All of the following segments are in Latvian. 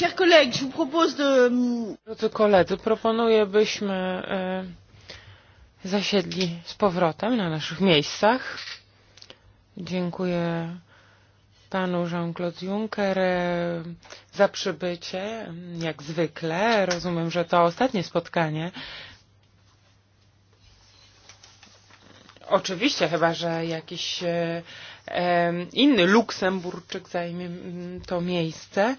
Chers collègues, je vous propose de... Euh, Drodzy koledzy, proponuję, byśmy y, e, zasiedli z powrotem na naszych miejscach. Dziękuję panu Jean-Claude Juncker e, za przybycie, jak zwykle. Rozumiem, że to ostatnie spotkanie. Oczywiście, chyba że jakiś y, e, inny Luksemburczyk zajmie to miejsce,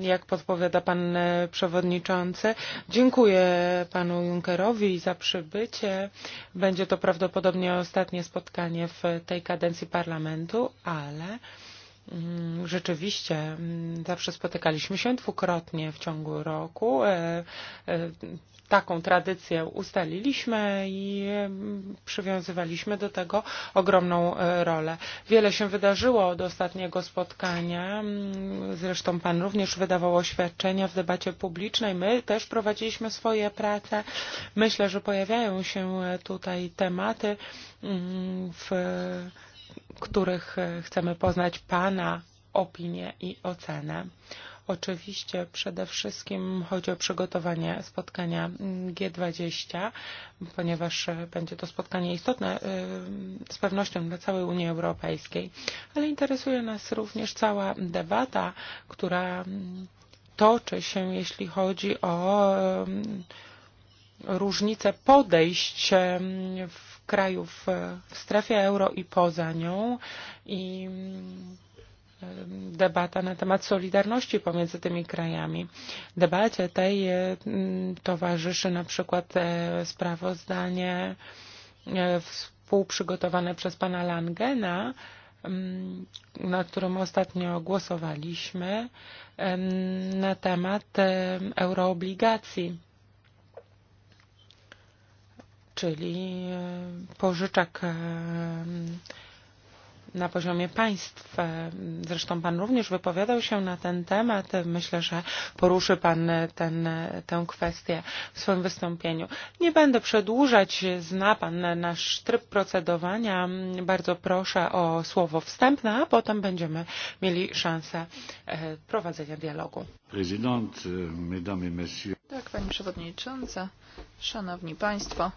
jak podpowiada pan e, przewodniczący. Dziękuję panu Junckerowi za przybycie. Będzie to prawdopodobnie ostatnie spotkanie w tej kadencji parlamentu, ale Mm, rzeczywiście, mm, zawsze spotykaliśmy się dwukrotnie w ciągu roku. E, e, taką tradycję ustaliliśmy i mm, przywiązywaliśmy do tego ogromną e, rolę. Wiele się wydarzyło od ostatniego spotkania. Zresztą Pan również wydawał oświadczenia w debacie publicznej. My też prowadziliśmy swoje prace. Myślę, że pojawiają się tutaj tematy w których e, chcemy poznać Pana opinię i ocenę. Oczywiście przede wszystkim chodzi o przygotowanie spotkania mm, G20, ponieważ e, będzie to spotkanie istotne e, z pewnością dla całej Unii Europejskiej, ale interesuje nas również cała debata, która mm, toczy się, jeśli chodzi o mm, różnice podejść w krajów w eh, strefie euro i poza nią i eh, debata na temat solidarności pomiędzy tymi krajami. Debacie tej eh, towarzyszy na przykład sprawozdanie współprzygotowane przez pana Langena, na którym ostatnio głosowaliśmy, na temat euroobligacji czyli e, pożyczek e, na poziomie państw. E, zresztą Pan również wypowiadał się na ten temat. Myślę, że poruszy Pan ten, tę kwestię w swoim wystąpieniu. Nie będę przedłużać. Zna Pan nasz tryb procedowania. Bardzo proszę o słowo wstępne, a potem będziemy mieli szansę prowadzenia dialogu. Prezydent, mesdames et messieurs. Tak, Pani Przewodnicząca, Szanowni Państwo.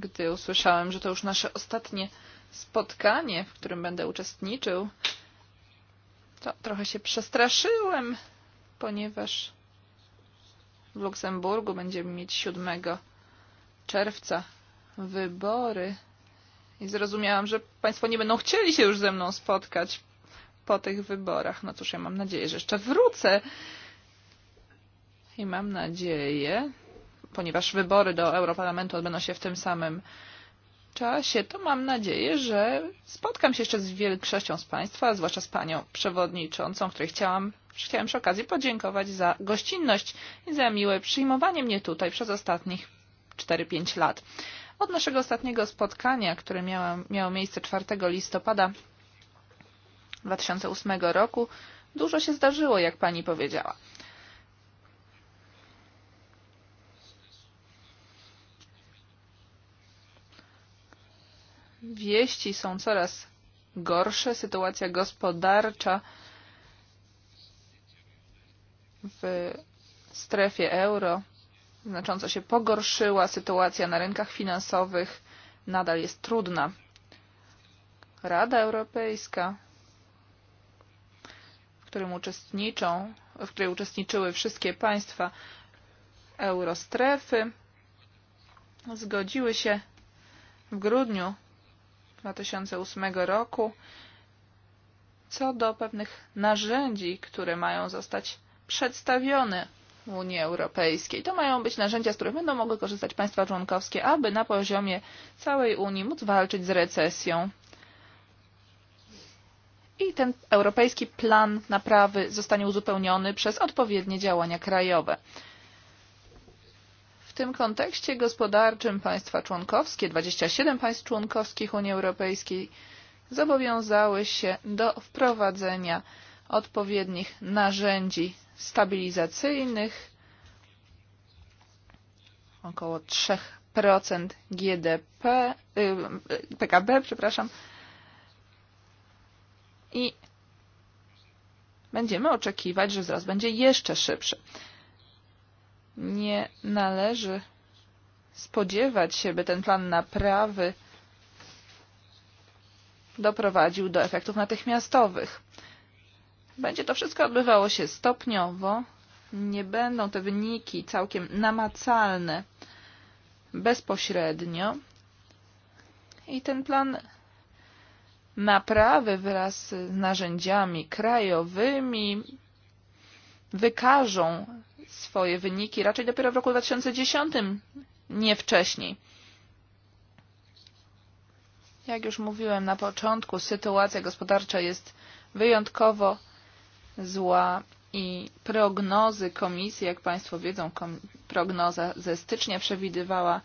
gdy usłyszałem, że to już nasze ostatnie spotkanie, w którym będę uczestniczył, to trochę się przestraszyłem, ponieważ w Luksemburgu będziemy mieć 7 czerwca wybory i zrozumiałam, że Państwo nie będą chcieli się już ze mną spotkać po tych wyborach. No cóż, ja mam nadzieję, że jeszcze wrócę i mam nadzieję, ponieważ wybory do Europarlamentu odbędą się w tym samym czasie, to mam nadzieję, że spotkam się jeszcze z większością z Państwa, zwłaszcza z Panią Przewodniczącą, której chciałam, chciałem przy okazji podziękować za gościnność i za miłe przyjmowanie mnie tutaj przez ostatnich 4-5 lat. Od naszego ostatniego spotkania, które miało, miało miejsce 4 listopada 2008 roku, dużo się zdarzyło, jak Pani powiedziała. wieści są coraz gorsze, sytuacja gospodarcza w strefie euro znacząco się pogorszyła, sytuacja na rynkach finansowych nadal jest trudna. Rada Europejska, w, którym uczestniczą, w której uczestniczyły wszystkie państwa eurostrefy, zgodziły się w grudniu 2008 roku co do pewnych narzędzi, które mają zostać przedstawione w Unii Europejskiej. To mają być narzędzia, z których będą mogły korzystać państwa członkowskie, aby na poziomie całej Unii móc walczyć z recesją. I ten europejski plan naprawy zostanie uzupełniony przez odpowiednie działania krajowe tym kontekście gospodarczym państwa członkowskie, 27 państw członkowskich Unii Europejskiej, zobowiązały się do wprowadzenia odpowiednich narzędzi stabilizacyjnych, około 3% GDP, PKB, przepraszam, i będziemy oczekiwać, że wzrost będzie jeszcze szybszy. Nie należy spodziewać się, by ten plan naprawy doprowadził do efektów natychmiastowych. Będzie to wszystko odbywało się stopniowo, nie będą te wyniki całkiem namacalne bezpośrednio i ten plan naprawy wraz z narzędziami krajowymi wykażą swoje wyniki raczej dopiero w roku 2010, nie wcześniej. Jak już mówiłem na początku, sytuacja gospodarcza jest wyjątkowo zła i prognozy komisji, jak Państwo wiedzą, prognoza ze stycznia przewidywała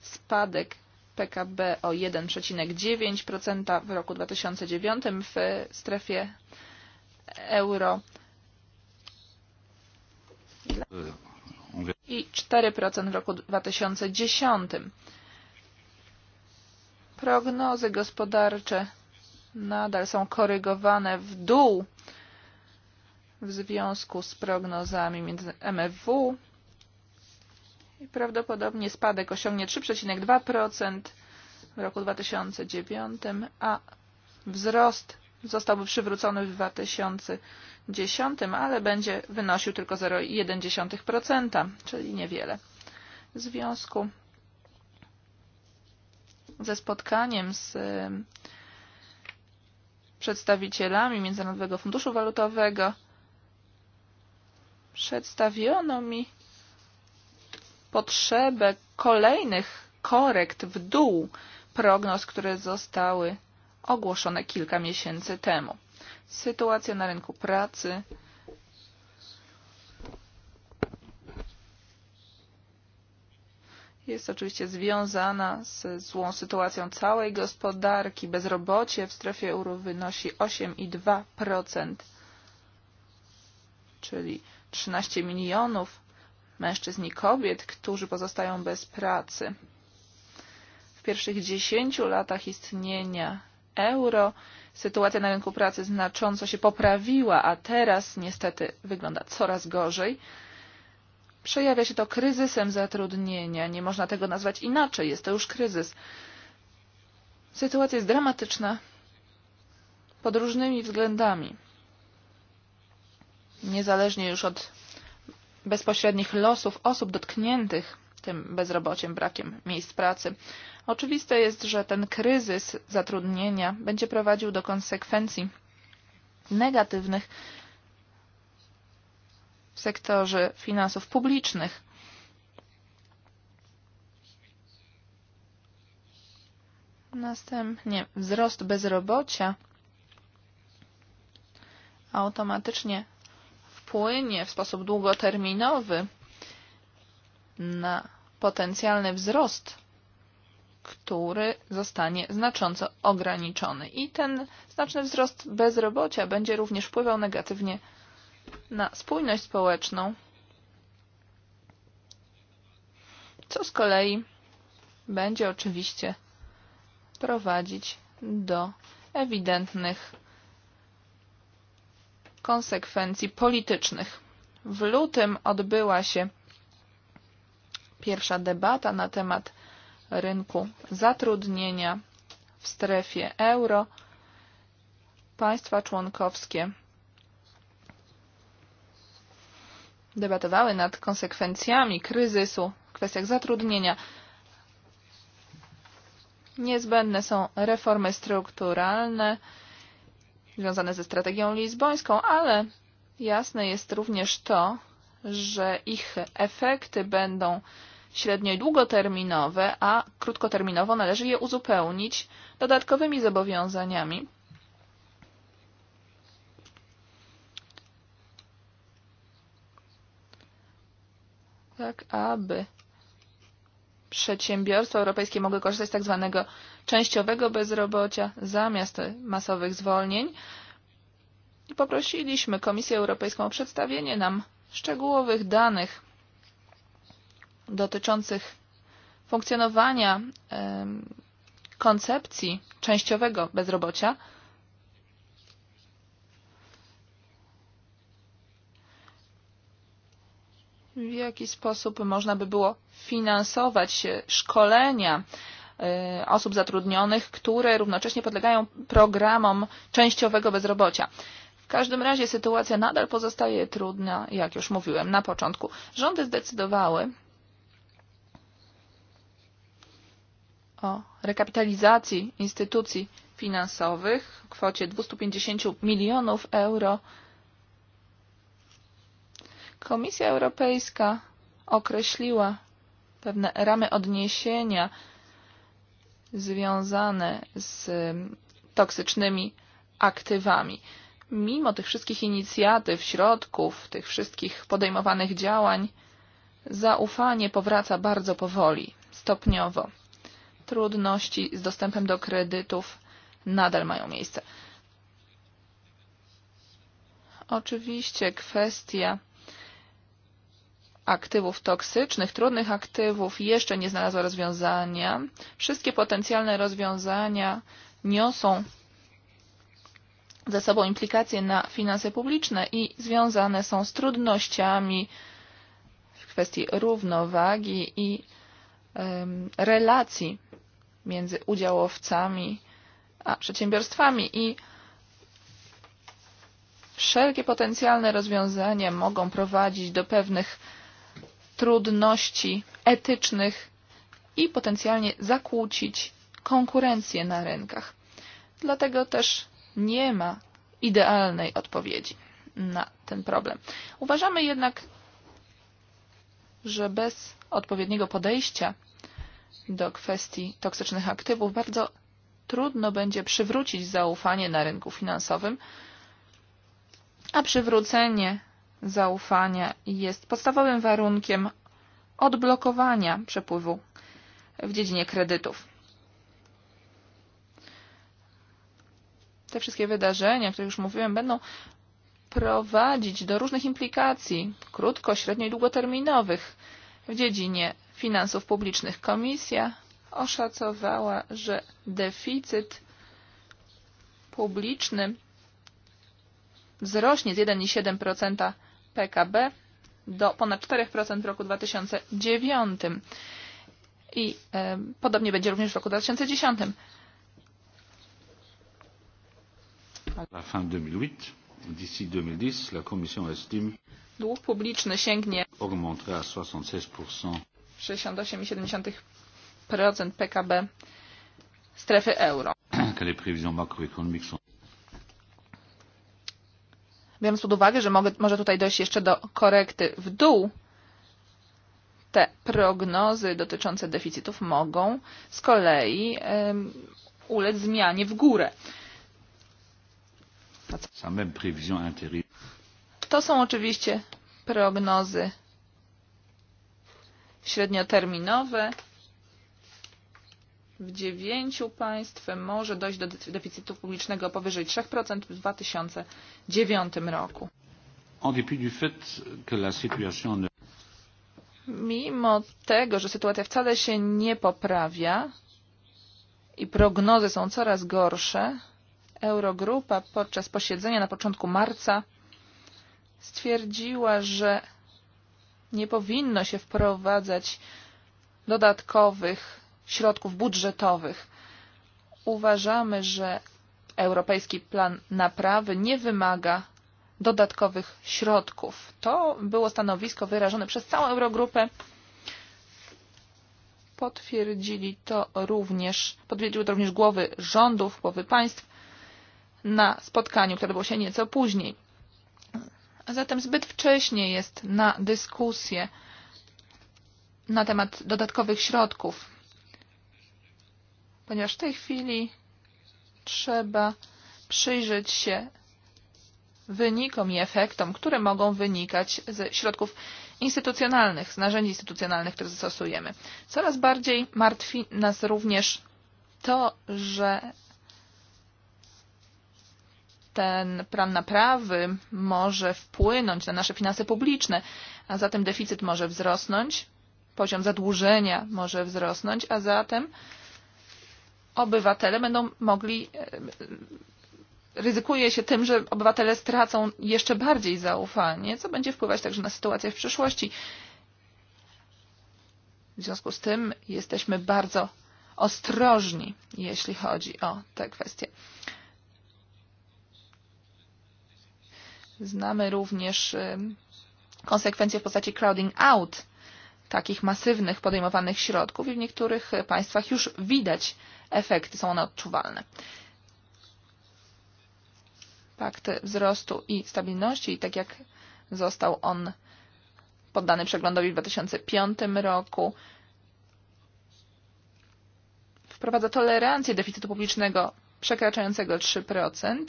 spadek PKB o 1,9% w roku 2009 w strefie euro i 4% w roku 2010. Prognozy gospodarcze nadal są korygowane w dół w związku z prognozami między MFW i prawdopodobnie spadek osiągnie 3,2% w roku 2009, a wzrost zostałby przywrócony w 2010 10, ale będzie wynosił tylko 0,1%, czyli niewiele. W związku ze spotkaniem z przedstawicielami Międzynarodowego Funduszu Walutowego przedstawiono mi potrzebę kolejnych korekt w dół prognoz, które zostały ogłoszone kilka miesięcy temu sytuacja na rynku pracy. Jest oczywiście związana z złą sytuacją całej gospodarki. Bezrobocie w strefie euro wynosi 8,2%, czyli 13 milionów mężczyzn i kobiet, którzy pozostają bez pracy. W pierwszych 10 latach istnienia euro, sytuacja na rynku pracy znacząco się poprawiła, a teraz niestety wygląda coraz gorzej. Przejawia się to kryzysem zatrudnienia. Nie można tego nazwać inaczej. Jest to już kryzys. Sytuacja jest dramatyczna pod różnymi względami. Niezależnie już od bezpośrednich losów osób dotkniętych tym bezrobociem, brakiem miejsc pracy. Oczywiste jest, że ten kryzys zatrudnienia będzie prowadził do konsekwencji negatywnych w sektorze finansów publicznych. Następnie wzrost bezrobocia automatycznie wpłynie w sposób długoterminowy na potencjalny wzrost, który zostanie znacząco ograniczony. I ten znaczny wzrost bezrobocia będzie również wpływał negatywnie na spójność społeczną, co z kolei będzie oczywiście prowadzić do ewidentnych konsekwencji politycznych. W lutym odbyła się Pierwsza debata na temat rynku zatrudnienia w strefie euro. Państwa członkowskie debatowały nad konsekwencjami kryzysu w kwestiach zatrudnienia. Niezbędne są reformy strukturalne związane ze strategią lizbońską, ale jasne jest również to, że ich efekty będą średnio i długoterminowe, a krótkoterminowo należy je uzupełnić dodatkowymi zobowiązaniami. Tak, aby przedsiębiorstwa europejskie mogły korzystać z tak zwanego częściowego bezrobocia zamiast masowych zwolnień. I poprosiliśmy Komisję Europejską o przedstawienie nam szczegółowych danych dotyczących funkcjonowania koncepcji częściowego bezrobocia, w jaki sposób można by było finansować szkolenia e, osób zatrudnionych, które równocześnie podlegają programom częściowego bezrobocia. W każdym razie sytuacja nadal pozostaje trudna, jak już mówiłem na początku. Rządy zdecydowały, rekapitalizacji instytucji finansowych w kwocie 250 milionów euro. Komisja Europejska określiła pewne ramy odniesienia związane z mm, toksycznymi aktywami. Mimo tych wszystkich inicjatyw, środków, tych wszystkich podejmowanych działań, zaufanie powraca bardzo powoli, stopniowo trudności z dostępem do kredytów nadal mają miejsce. Oczywiście kwestia aktywów toksycznych, trudnych aktywów jeszcze nie znalazła rozwiązania. Wszystkie potencjalne rozwiązania niosą ze sobą implikacje na finanse publiczne i związane są z trudnościami w kwestii równowagi i relacji między udziałowcami a przedsiębiorstwami i wszelkie potencjalne rozwiązania mogą prowadzić do pewnych trudności etycznych i potencjalnie zakłócić konkurencję na rynkach. Dlatego też nie ma idealnej odpowiedzi na ten problem. Uważamy jednak, że bez odpowiedniego podejścia do kwestii toksycznych aktywów, bardzo trudno będzie przywrócić zaufanie na rynku finansowym, a przywrócenie zaufania jest podstawowym warunkiem odblokowania przepływu w dziedzinie kredytów. Te wszystkie wydarzenia, o których już mówiłem, będą prowadzić do różnych implikacji krótko, średnio i długoterminowych w dziedzinie Finansów Publicznych Komisja oszacowała, że deficyt publiczny wzrośnie z 1,7% PKB do ponad 4% w roku 2009 i e, podobnie będzie również w roku 2010. La fin 2008, d'ici 2010, la Commission estime dług publiczny sięgnie augmentera à 76% 68,7% PKB strefy euro. Biorąc pod uwagę, że mogę, może tutaj dojść jeszcze do korekty w dół, te prognozy dotyczące deficytów mogą z kolei um, ulec zmianie w górę. To są oczywiście prognozy średnioterminowe w dziewięciu państw może dojść do deficytu publicznego powyżej 3% w 2009 roku. Mimo tego, że sytuacja wcale się nie poprawia i prognozy są coraz gorsze, Eurogrupa podczas posiedzenia na początku marca stwierdziła, że nie powinno się wprowadzać dodatkowych środków budżetowych. Uważamy, że Europejski Plan Naprawy nie wymaga dodatkowych środków. To było stanowisko wyrażone przez całą Eurogrupę. Potwierdzili to również, potwierdziły to również głowy rządów, głowy państw na spotkaniu, które było się nieco później. Zatem zbyt wcześnie jest na dyskusję na temat dodatkowych środków, ponieważ w tej chwili trzeba przyjrzeć się wynikom i efektom, które mogą wynikać ze środków instytucjonalnych, z narzędzi instytucjonalnych, które zastosujemy. Coraz bardziej martwi nas również to, że ten plan naprawy może wpłynąć na nasze finanse publiczne, a zatem deficyt może wzrosnąć, poziom zadłużenia może wzrosnąć, a zatem obywatele będą mogli, e, ryzykuje się tym, że obywatele stracą jeszcze bardziej zaufanie, co będzie wpływać także na sytuację w przyszłości. W związku z tym jesteśmy bardzo ostrożni, jeśli chodzi o te kwestie. Znamy również e, konsekwencje w postaci crowding out takich masywnych podejmowanych środków i w niektórych e, państwach już widać efekty, są one odczuwalne. Pakt wzrostu i stabilności, i tak jak został on poddany przeglądowi w 2005 roku, wprowadza tolerancję deficytu publicznego przekraczającego 3%,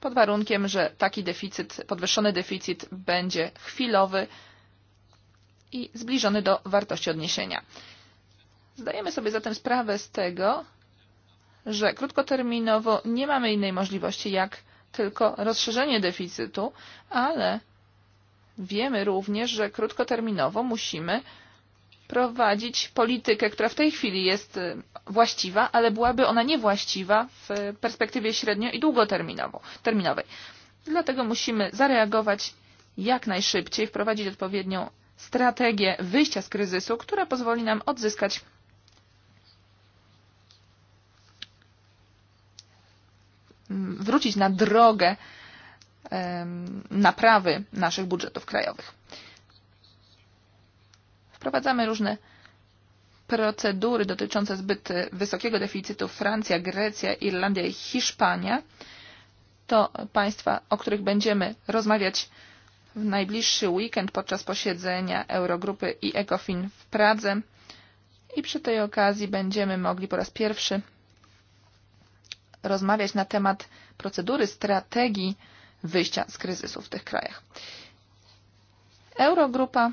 pod warunkiem, że taki deficyt, podwyższony deficyt będzie chwilowy i zbliżony do wartości odniesienia. Zdajemy sobie zatem sprawę z tego, że krótkoterminowo nie mamy innej możliwości jak tylko rozszerzenie deficytu, ale wiemy również, że krótkoterminowo musimy prowadzić politykę, która w tej chwili jest e, właściwa, ale byłaby ona niewłaściwa w perspektywie średnio i długoterminowej. Dlatego musimy zareagować jak najszybciej, wprowadzić odpowiednią strategię wyjścia z kryzysu, która pozwoli nam odzyskać wrócić na drogę naprawy naszych budżetów krajowych. Wprowadzamy różne procedury dotyczące zbyt wysokiego deficytu Francja, Grecja, Irlandia i Hiszpania. To państwa, o których będziemy rozmawiać w najbliższy weekend podczas posiedzenia Eurogrupy i ECOFIN w Pradze. I przy tej okazji będziemy mogli po raz pierwszy rozmawiać na temat procedury strategii wyjścia z kryzysu w tych krajach. Eurogrupa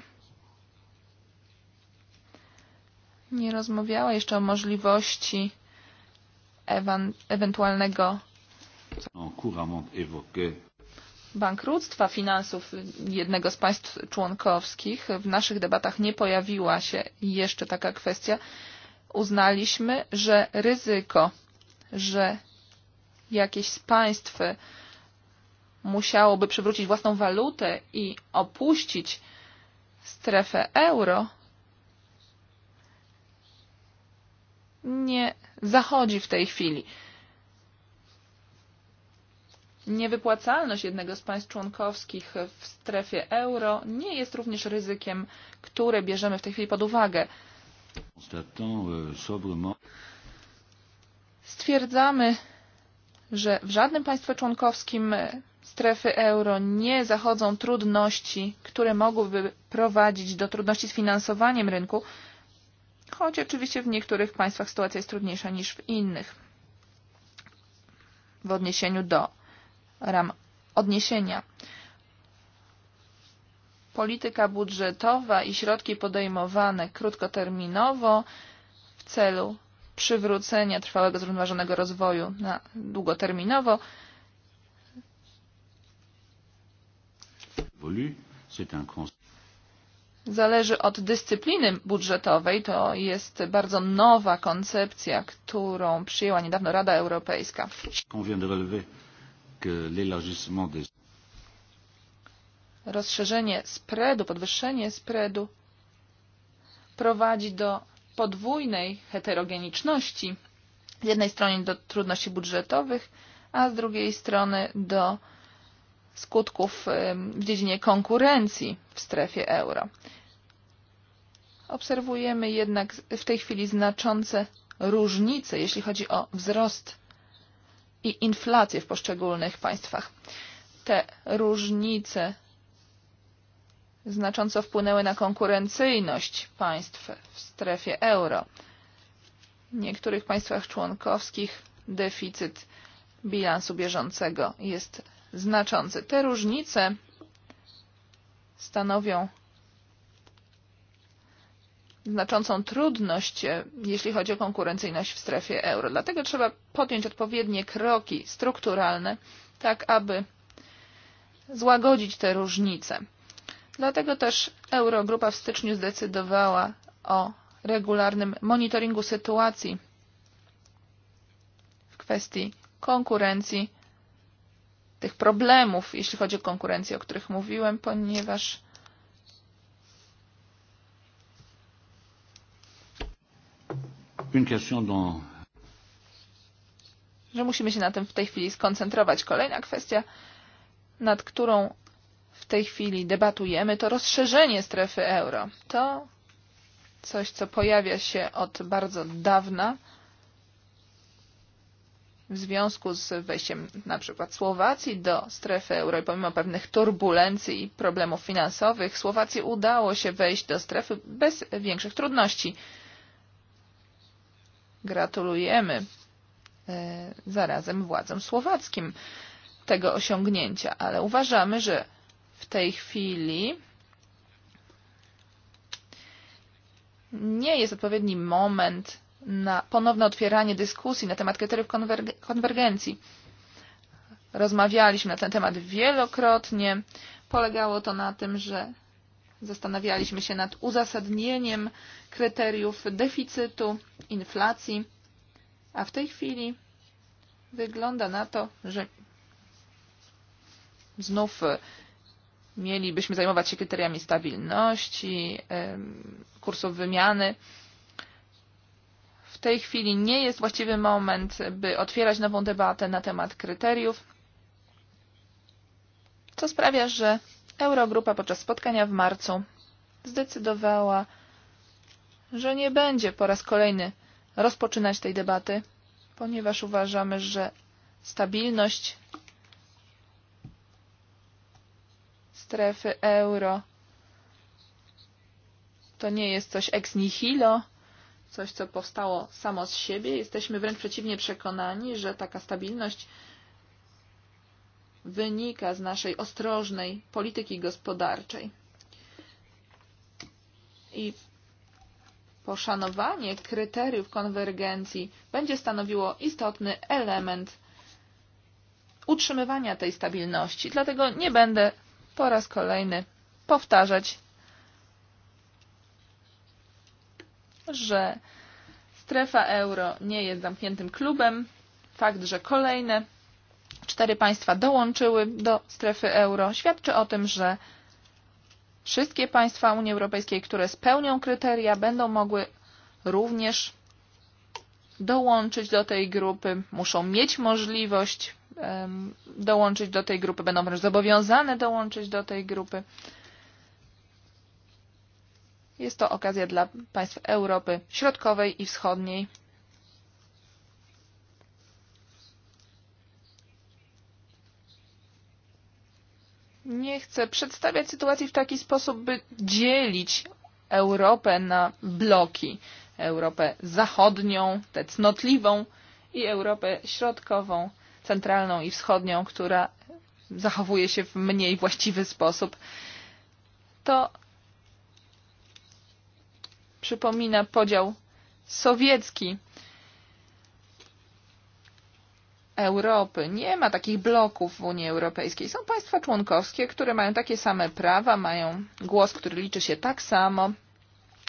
nie rozmawiała jeszcze o możliwości ewentualnego bankructwa finansów jednego z państw członkowskich. W naszych debatach nie pojawiła się jeszcze taka kwestia. Uznaliśmy, że ryzyko, że jakieś z państw musiałoby przywrócić własną walutę i opuścić strefę euro, nie zachodzi w tej chwili. Niewypłacalność jednego z państw członkowskich w strefie euro nie jest również ryzykiem, które bierzemy w tej chwili pod uwagę. Stwierdzamy, że w żadnym państwie członkowskim strefy euro nie zachodzą trudności, które mogłyby prowadzić do trudności z finansowaniem rynku, choć oczywiście w niektórych państwach sytuacja jest trudniejsza niż w innych w odniesieniu do ram odniesienia. Polityka budżetowa i środki podejmowane krótkoterminowo w celu przywrócenia trwałego zrównoważonego rozwoju na długoterminowo zależy od dyscypliny budżetowej. To jest bardzo nowa koncepcja, którą przyjęła niedawno Rada Europejska. Rozszerzenie spreadu, podwyższenie spreadu prowadzi do podwójnej heterogeniczności. Z jednej strony do trudności budżetowych, a z drugiej strony do skutków w dziedzinie konkurencji w strefie euro. Obserwujemy jednak w tej chwili znaczące różnice, jeśli chodzi o wzrost i inflację w poszczególnych państwach. Te różnice znacząco wpłynęły na konkurencyjność państw w strefie euro. W niektórych państwach członkowskich deficyt bilansu bieżącego jest znaczący. Te różnice stanowią znaczącą trudność, jeśli chodzi o konkurencyjność w strefie euro. Dlatego trzeba podjąć odpowiednie kroki strukturalne, tak aby złagodzić te różnice. Dlatego też Eurogrupa w styczniu zdecydowała o regularnym monitoringu sytuacji w kwestii konkurencji tych problemów, jeśli chodzi o konkurencję, o których mówiłem, ponieważ że musimy się na tym w tej chwili skoncentrować. Kolejna kwestia, nad którą w tej chwili debatujemy, to rozszerzenie strefy euro. To coś, co pojawia się od bardzo dawna w związku z wejściem na przykład Słowacji do strefy euro i pomimo pewnych turbulencji i problemów finansowych Słowacji udało się wejść do strefy bez większych trudności. Gratulujemy e, zarazem władzom słowackim tego osiągnięcia, ale uważamy, że w tej chwili nie jest odpowiedni moment na ponowne otwieranie dyskusji na temat kryteriów konwerg konwergencji. Rozmawialiśmy na ten temat wielokrotnie. Polegało to na tym, że zastanawialiśmy się nad uzasadnieniem kryteriów deficytu, inflacji, a w tej chwili wygląda na to, że znów e, mielibyśmy zajmować się kryteriami stabilności, kursów wymiany, tej chwili nie jest właściwy moment, by otwierać nową debatę na temat kryteriów, co sprawia, że Eurogrupa podczas spotkania w marcu zdecydowała, że nie będzie po raz kolejny rozpoczynać tej debaty, ponieważ uważamy, że stabilność strefy euro to nie jest coś ex nihilo, coś, co powstało samo z siebie. Jesteśmy wręcz przeciwnie przekonani, że taka stabilność wynika z naszej ostrożnej polityki gospodarczej. I poszanowanie kryteriów konwergencji będzie stanowiło istotny element utrzymywania tej stabilności. Dlatego nie będę po raz kolejny powtarzać że strefa euro nie jest zamkniętym klubem. Fakt, że kolejne cztery państwa dołączyły do strefy euro, świadczy o tym, że wszystkie państwa Unii Europejskiej, które spełnią kryteria, będą mogły również dołączyć do tej grupy, muszą mieć możliwość dołączyć do tej grupy, będą wręcz zobowiązane dołączyć do tej grupy. Jest to okazja dla państw Europy Środkowej i Wschodniej. Nie chcę przedstawiać sytuacji w taki sposób, by dzielić Europę na bloki. Europę zachodnią, tę cnotliwą i Europę środkową, centralną i wschodnią, która zachowuje się w mniej właściwy sposób. To przypomina podział sowiecki Europy. Nie ma takich bloków w Unii Europejskiej. Są państwa członkowskie, które mają takie same prawa, mają głos, który liczy się tak samo.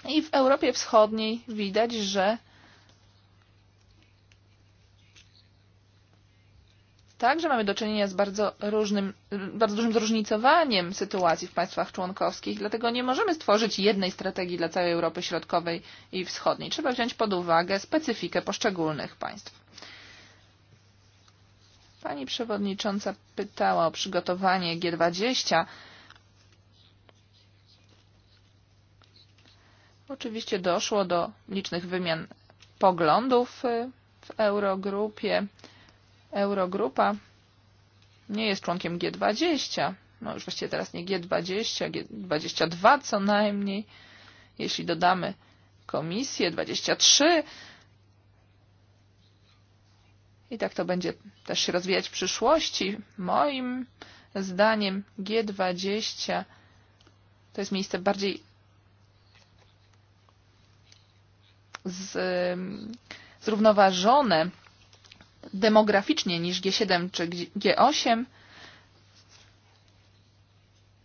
I w Europie Wschodniej widać, że Także mamy do czynienia z bardzo, różnym, bardzo dużym zróżnicowaniem sytuacji w państwach członkowskich, dlatego nie możemy stworzyć jednej strategii dla całej Europy Środkowej i Wschodniej. Trzeba wziąć pod uwagę specyfikę poszczególnych państw. Pani przewodnicząca pytała o przygotowanie G20. Oczywiście doszło do licznych wymian poglądów w Eurogrupie. Eurogrupa nie jest członkiem G20, no już właściwie teraz nie G20, G22 co najmniej, jeśli dodamy komisję 23. I tak to będzie też się rozwijać w przyszłości. Moim zdaniem G20 to jest miejsce bardziej z, zrównoważone demograficznie niż G7 czy G8,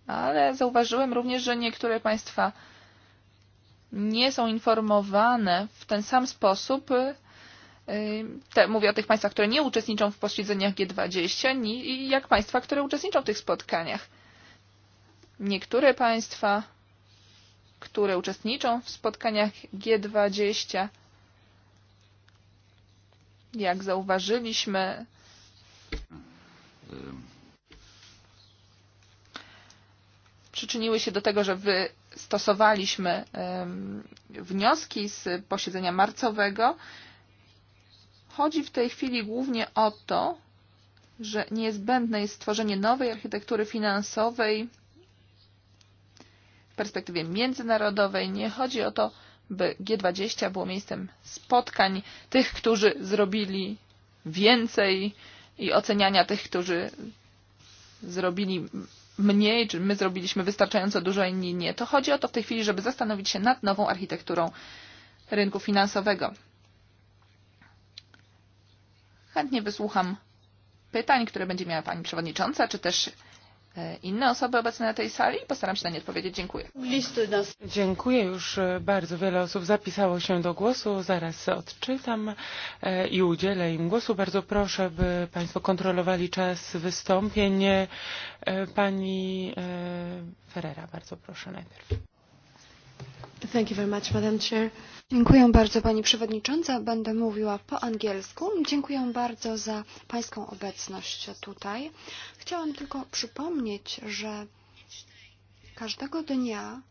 ale zauważyłem również, że niektóre państwa nie są informowane w ten sam sposób, te, mówię o tych państwach, które nie uczestniczą w posiedzeniach G20, ni, jak państwa, które uczestniczą w tych spotkaniach. Niektóre państwa, które uczestniczą w spotkaniach G20, Jak zauważyliśmy, przyczyniły się do tego, że wystosowaliśmy wnioski z posiedzenia marcowego. Chodzi w tej chwili głównie o to, że niezbędne jest stworzenie nowej architektury finansowej w perspektywie międzynarodowej. Nie chodzi o to, by G20 było miejscem spotkań tych, którzy zrobili więcej i oceniania tych, którzy zrobili mniej, czy my zrobiliśmy wystarczająco dużo, inni nie. To chodzi o to w tej chwili, żeby zastanowić się nad nową architekturą rynku finansowego. Chętnie wysłucham pytań, które będzie miała Pani Przewodnicząca, czy też E, inne osoby obecne na tej sali. Postaram się na nie odpowiedzieć. Dziękuję. Listy nas. Dziękuję. Już e, bardzo wiele osób zapisało się do głosu. Zaraz odczytam e, i udzielę im głosu. Bardzo proszę, by Państwo kontrolowali czas wystąpień. Pani Ferrera, bardzo proszę najpierw. Thank you very much, Madam Chair. Dziękuję bardzo Pani Przewodnicząca. Będę mówiła po angielsku. Dziękuję bardzo za Pańską obecność tutaj. Chciałam tylko przypomnieć, że każdego dnia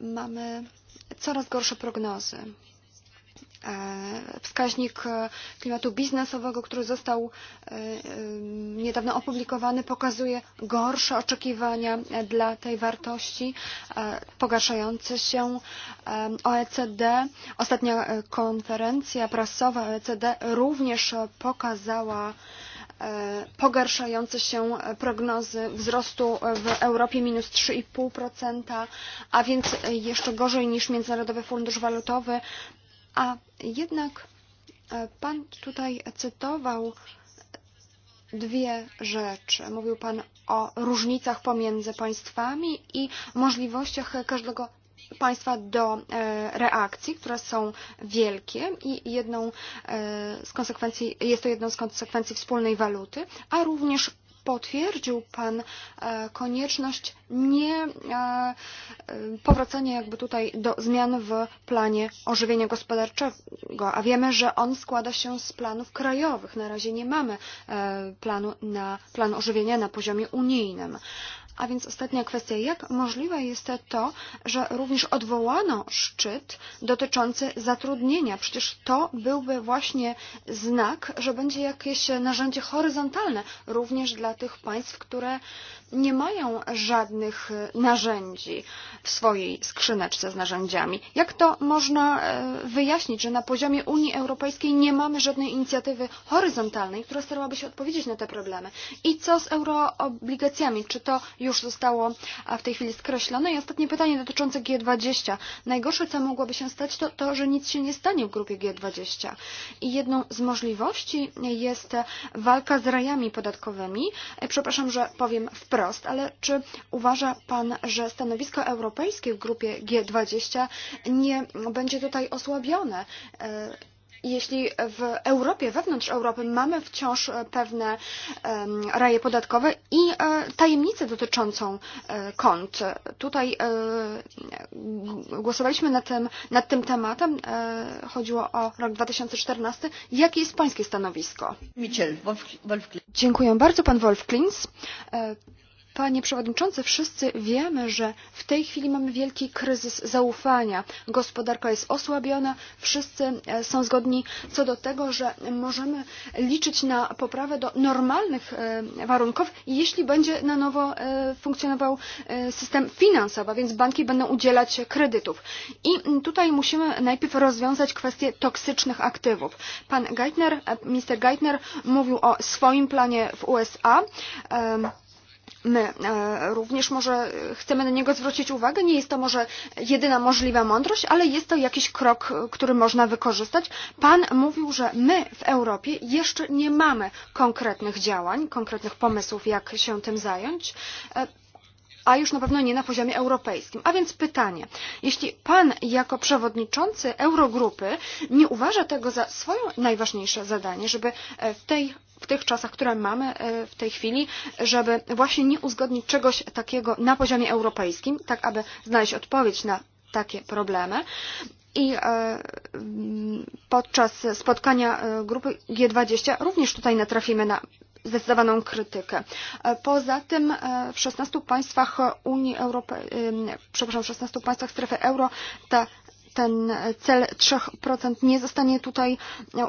mamy coraz gorsze prognozy. E, wskaźnik e, klimatu biznesowego, który został e, niedawno opublikowany, pokazuje gorsze oczekiwania dla tej wartości, pogarszające się OECD. Ostatnia konferencja prasowa OECD również pokazała pogarszające się prognozy wzrostu w Europie minus 3,5%, a więc jeszcze gorzej niż Międzynarodowy Fundusz Walutowy A jednak e, pan tutaj cytował dwie rzeczy. Mówił pan o różnicach pomiędzy państwami i możliwościach każdego państwa do e, reakcji, które są wielkie i jedną e, z konsekwencji, jest to jedną z konsekwencji wspólnej waluty, a również potwierdził Pan e, konieczność nie e, e, powracania jakby tutaj do zmian w planie ożywienia gospodarczego, a wiemy, że on składa się z planów krajowych. Na razie nie mamy planu, na, planu ożywienia na poziomie unijnym. A więc ostatnia kwestia, jak możliwe jest to, że również odwołano szczyt dotyczący zatrudnienia? Przecież to byłby właśnie znak, że będzie jakieś narzędzie horyzontalne również dla tych państw, które nie mają żadnych narzędzi w swojej skrzyneczce z narzędziami. Jak to można e, wyjaśnić, że na poziomie Unii Europejskiej nie mamy żadnej inicjatywy horyzontalnej, która starałaby się odpowiedzieć na te problemy? I co z euroobligacjami? Czy to już zostało w tej chwili skreślone. I ostatnie pytanie dotyczące G20. Najgorsze, co mogłoby się stać, to to, że nic się nie stanie w grupie G20. I jedną z możliwości jest walka z rajami podatkowymi. E, przepraszam, że powiem wprost, ale czy uważa Pan, że stanowisko europejskie w grupie G20 nie będzie tutaj osłabione? E, jeśli w Europie, wewnątrz Europy mamy wciąż e, pewne raje podatkowe i e, tajemnicę dotyczącą e, kont. Tutaj głosowaliśmy nad tym, nad tym tematem. Chodziło o rok 2014. Jakie jest pańskie stanowisko? Michel, Wolf, Wolf Dziękuję bardzo, pan Wolf Klins. Panie Przewodniczący, wszyscy wiemy, że w tej chwili mamy wielki kryzys zaufania. Gospodarka jest osłabiona, wszyscy e, są zgodni co do tego, że możemy liczyć na poprawę do normalnych e, warunków, jeśli będzie na nowo e, funkcjonował system finansowy, a więc banki będą udzielać kredytów. I tutaj musimy najpierw rozwiązać kwestię toksycznych aktywów. Pan Geithner, minister Geithner mówił o swoim planie w USA. Um My e, również może chcemy na niego zwrócić uwagę. Nie jest to może jedyna możliwa mądrość, ale jest to jakiś krok, który można wykorzystać. Pan mówił, że my w Europie jeszcze nie mamy konkretnych działań, konkretnych pomysłów, jak się tym zająć e, a już na pewno nie na poziomie europejskim. A więc pytanie, jeśli pan jako przewodniczący Eurogrupy nie uważa tego za swoje najważniejsze zadanie, żeby e, w tej w tych czasach, które mamy e, w tej chwili, żeby właśnie nie uzgodnić czegoś takiego na poziomie europejskim, tak aby znaleźć odpowiedź na takie problemy. I e, podczas spotkania e, grupy G20 również tutaj natrafimy na zdecydowaną krytykę. Poza tym w 16 państwach Unii Europejskiej, przepraszam, w 16 państwach strefy euro ta ten cel 3% nie zostanie tutaj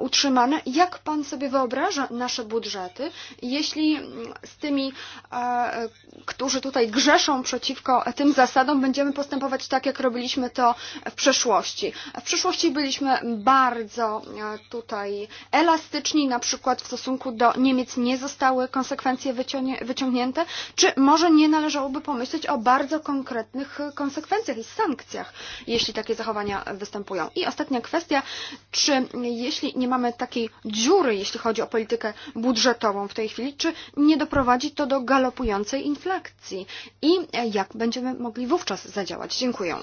utrzymany. Jak pan sobie wyobraża nasze budżety, jeśli z tymi, e, którzy tutaj grzeszą przeciwko tym zasadom, będziemy postępować tak, jak robiliśmy to w przeszłości? W przeszłości byliśmy bardzo e, tutaj elastyczni, na przykład w stosunku do Niemiec nie zostały konsekwencje wyciągnięte, czy może nie należałoby pomyśleć o bardzo konkretnych konsekwencjach i sankcjach, jeśli takie zachowania zagrożenia występują. I ostatnia kwestia, czy jeśli nie mamy takiej dziury, jeśli chodzi o politykę budżetową w tej chwili, czy nie doprowadzi to do galopującej inflacji i jak będziemy mogli wówczas zadziałać? Dziękuję.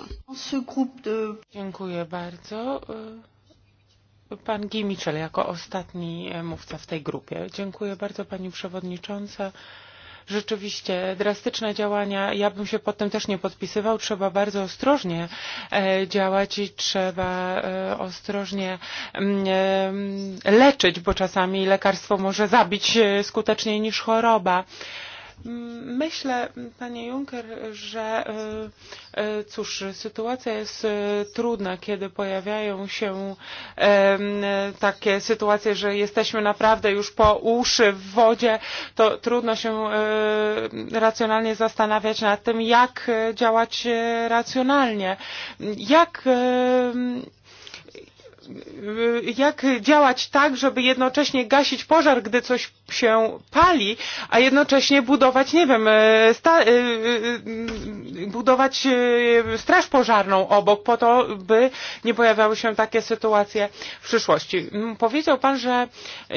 Dziękuję bardzo. Pan Gimiczel jako ostatni mówca w tej grupie. Dziękuję bardzo Pani Przewodnicząca rzeczywiście drastyczne działania. Ja bym się pod tym też nie podpisywał. Trzeba bardzo ostrożnie e, działać i trzeba e, ostrożnie mm, e, leczyć, bo czasami lekarstwo może zabić skuteczniej niż choroba. Myślę, panie Juncker, że e, e, cóż, sytuacja jest e, trudna, kiedy pojawiają się takie sytuacje, że jesteśmy naprawdę już po uszy w wodzie, to trudno się racjonalnie zastanawiać nad tym, jak działać racjonalnie. Jak jak działać tak, żeby jednocześnie gasić pożar, gdy coś się pali, a jednocześnie budować, nie wiem, e, sta, e, e, budować straż pożarną obok, po to, by nie pojawiały się takie sytuacje w przyszłości. Mm, powiedział Pan, że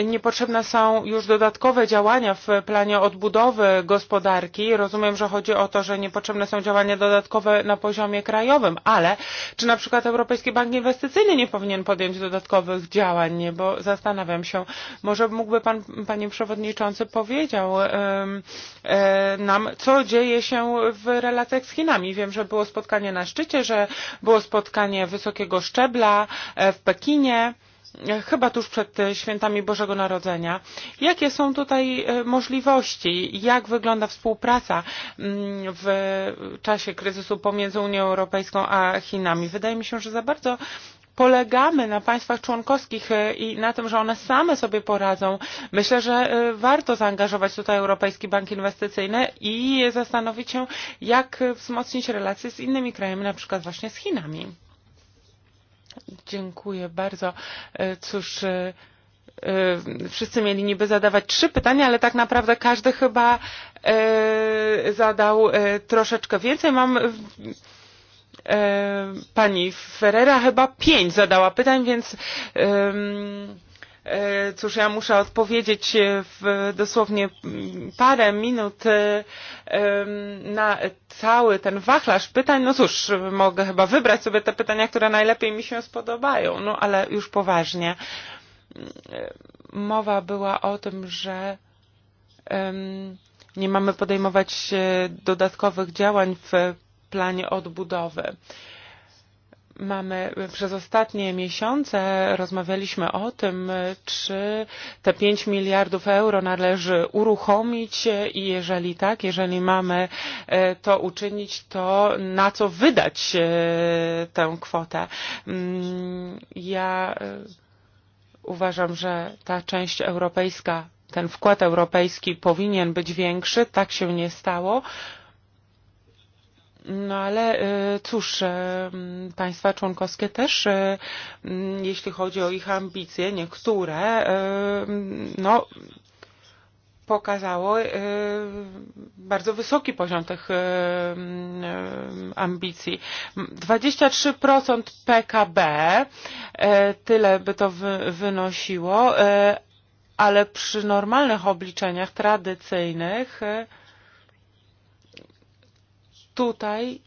niepotrzebne są już dodatkowe działania w planie odbudowy gospodarki. Rozumiem, że chodzi o to, że niepotrzebne są działania dodatkowe na poziomie krajowym, ale czy na przykład Europejski Bank Inwestycyjny nie powinien podejmować podjąć dodatkowych działań, bo zastanawiam się, może mógłby Pan, Panie Przewodniczący, powiedział e, nam, co dzieje się w relacjach z Chinami. Wiem, że było spotkanie na szczycie, że było spotkanie wysokiego szczebla e, w Pekinie e, chyba tuż przed świętami Bożego Narodzenia. Jakie są tutaj możliwości? Jak wygląda współpraca mm, w czasie kryzysu pomiędzy Unią Europejską a Chinami? Wydaje mi się, że za bardzo polegamy na państwach członkowskich e, i na tym, że one same sobie poradzą. Myślę, że e, warto zaangażować tutaj Europejski Bank Inwestycyjny i zastanowić się, jak e, wzmocnić relacje z innymi krajami, na przykład właśnie z Chinami. Dziękuję bardzo. Cóż, wszyscy mieli niby zadawać trzy pytania, ale tak naprawdę każdy chyba zadał troszeczkę więcej. Mam E, pani Ferrera chyba pięć zadała pytań, więc e, cóż, ja muszę odpowiedzieć w dosłownie parę minut e, na cały ten wachlarz pytań. No cóż, mogę chyba wybrać sobie te pytania, które najlepiej mi się spodobają, no ale już poważnie. Mowa była o tym, że nie mamy podejmować dodatkowych działań w planie odbudowy. Mamy przez ostatnie miesiące rozmawialiśmy o tym, czy te 5 miliardów euro należy uruchomić i jeżeli tak, jeżeli mamy e, to uczynić, to na co wydać e, tę kwotę. Mm, ja e, uważam, że ta część europejska, ten wkład europejski powinien być większy. Tak się nie stało. No ale e, cóż, e, państwa członkowskie też, e, mm, jeśli chodzi o ich ambicje, niektóre, no, pokazało bardzo wysoki poziom tych mm, ambicji. 23% PKB, tyle by to wynosiło, ale przy normalnych obliczeniach tradycyjnych tutaj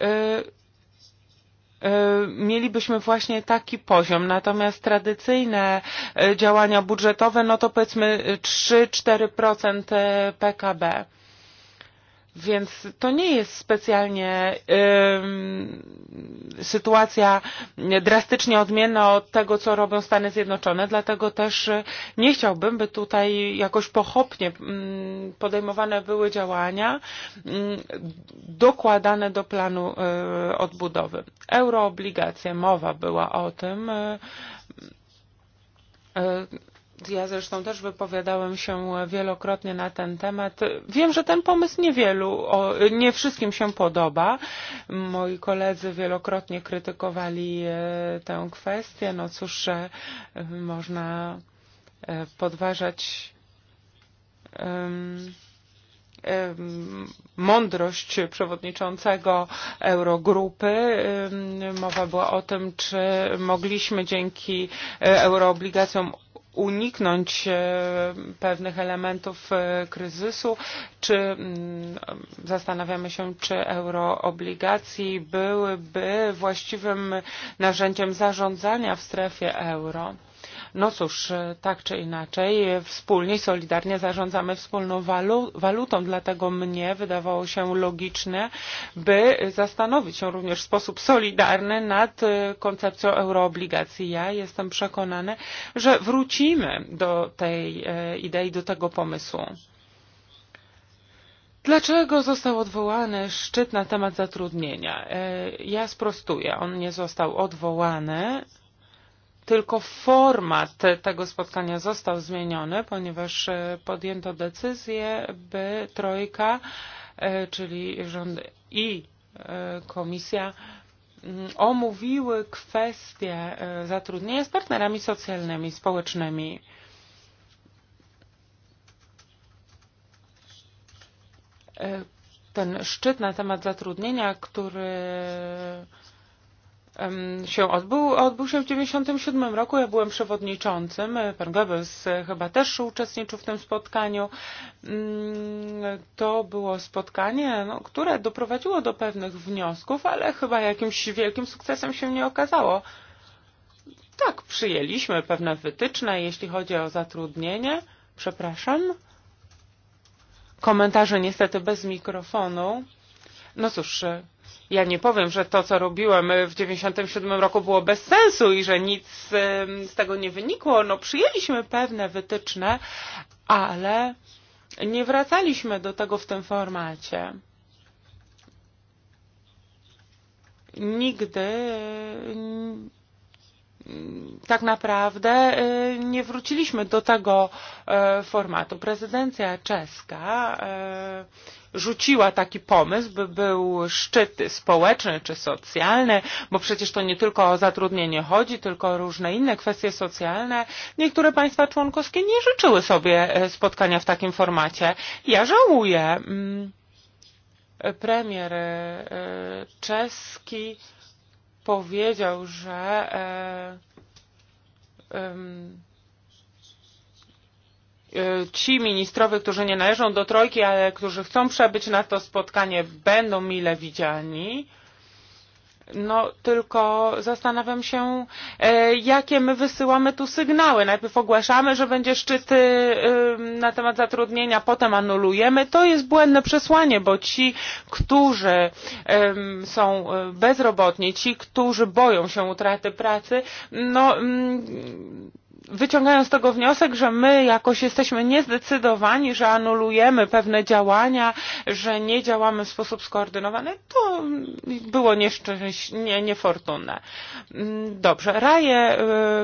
e, e, mielibyśmy właśnie taki poziom. Natomiast tradycyjne e, działania budżetowe, no to powiedzmy 3-4% PKB. Więc to nie jest specjalnie y, sytuacja drastycznie odmienna od tego, co robią Stany Zjednoczone, dlatego też e, nie chciałbym, by tutaj jakoś pochopnie podejmowane były działania y, dokładane do planu y, e, odbudowy. Euroobligacje, mowa była o tym. Y, e, y, Ja zresztą też wypowiadałem się wielokrotnie na ten temat. Wiem, że ten pomysł niewielu, o, nie wszystkim się podoba. Moi koledzy wielokrotnie krytykowali e, tę kwestię. No cóż, e, można e, podważać um, mądrość przewodniczącego Eurogrupy. Mowa była o tym, czy mogliśmy dzięki euroobligacjom uniknąć e, pewnych elementów e, kryzysu, czy mm, zastanawiamy się, czy euroobligacje byłyby właściwym narzędziem zarządzania w strefie euro. No cóż, e, tak czy inaczej, wspólnie, solidarnie zarządzamy wspólną walu walutą, dlatego mnie wydawało się logiczne, by zastanowić się również w sposób solidarny nad e, koncepcją euroobligacji. Ja jestem przekonany, że wrócimy do tej e, idei, do tego pomysłu. Dlaczego został odwołany szczyt na temat zatrudnienia? Ja sprostuję. On nie został odwołany tylko format tego spotkania został zmieniony, ponieważ e, podjęto decyzję, by Trojka, e, czyli rząd i e, komisja mm, omówiły kwestie zatrudnienia z partnerami socjalnymi, społecznymi. Ten szczyt na temat zatrudnienia, który się odbył. Odbył się w 1997 roku. Ja byłem przewodniczącym. Pan Goebbels chyba też uczestniczył w tym spotkaniu. Mm, to było spotkanie, no, które doprowadziło do pewnych wniosków, ale chyba jakimś wielkim sukcesem się nie okazało. Tak, przyjęliśmy pewne wytyczne, jeśli chodzi o zatrudnienie. Przepraszam. Komentarze niestety bez mikrofonu. No cóż, Ja nie powiem, że to, co robiłem w 1997 roku było bez sensu i że nic z tego nie wynikło. No przyjęliśmy pewne wytyczne, ale nie wracaliśmy do tego w tym formacie. Nigdy tak naprawdę nie wróciliśmy do tego e, formatu. Prezydencja czeska e, rzuciła taki pomysł, by były szczyty społeczne czy socjalne, bo przecież to nie tylko o zatrudnienie chodzi, tylko o różne inne kwestie socjalne. Niektóre państwa członkowskie nie życzyły sobie e, spotkania w takim formacie. Ja żałuję. Mm, premier e, czeski powiedział, że um, E, ci ministrowie, którzy nie należą do trojki, ale którzy chcą przebyć na to spotkanie, będą mile widziani. No tylko zastanawiam się, e, jakie my wysyłamy tu sygnały. Najpierw ogłaszamy, że będzie szczyt e, na temat zatrudnienia, potem anulujemy. To jest błędne przesłanie, bo ci, którzy e, są bezrobotni, ci, którzy boją się utraty pracy, no. Mm, wyciągają z tego wniosek, że my jakoś jesteśmy niezdecydowani, że anulujemy pewne działania, że nie działamy w sposób skoordynowany, to było nieszczęście, nie, niefortunne. Mm, dobrze, raje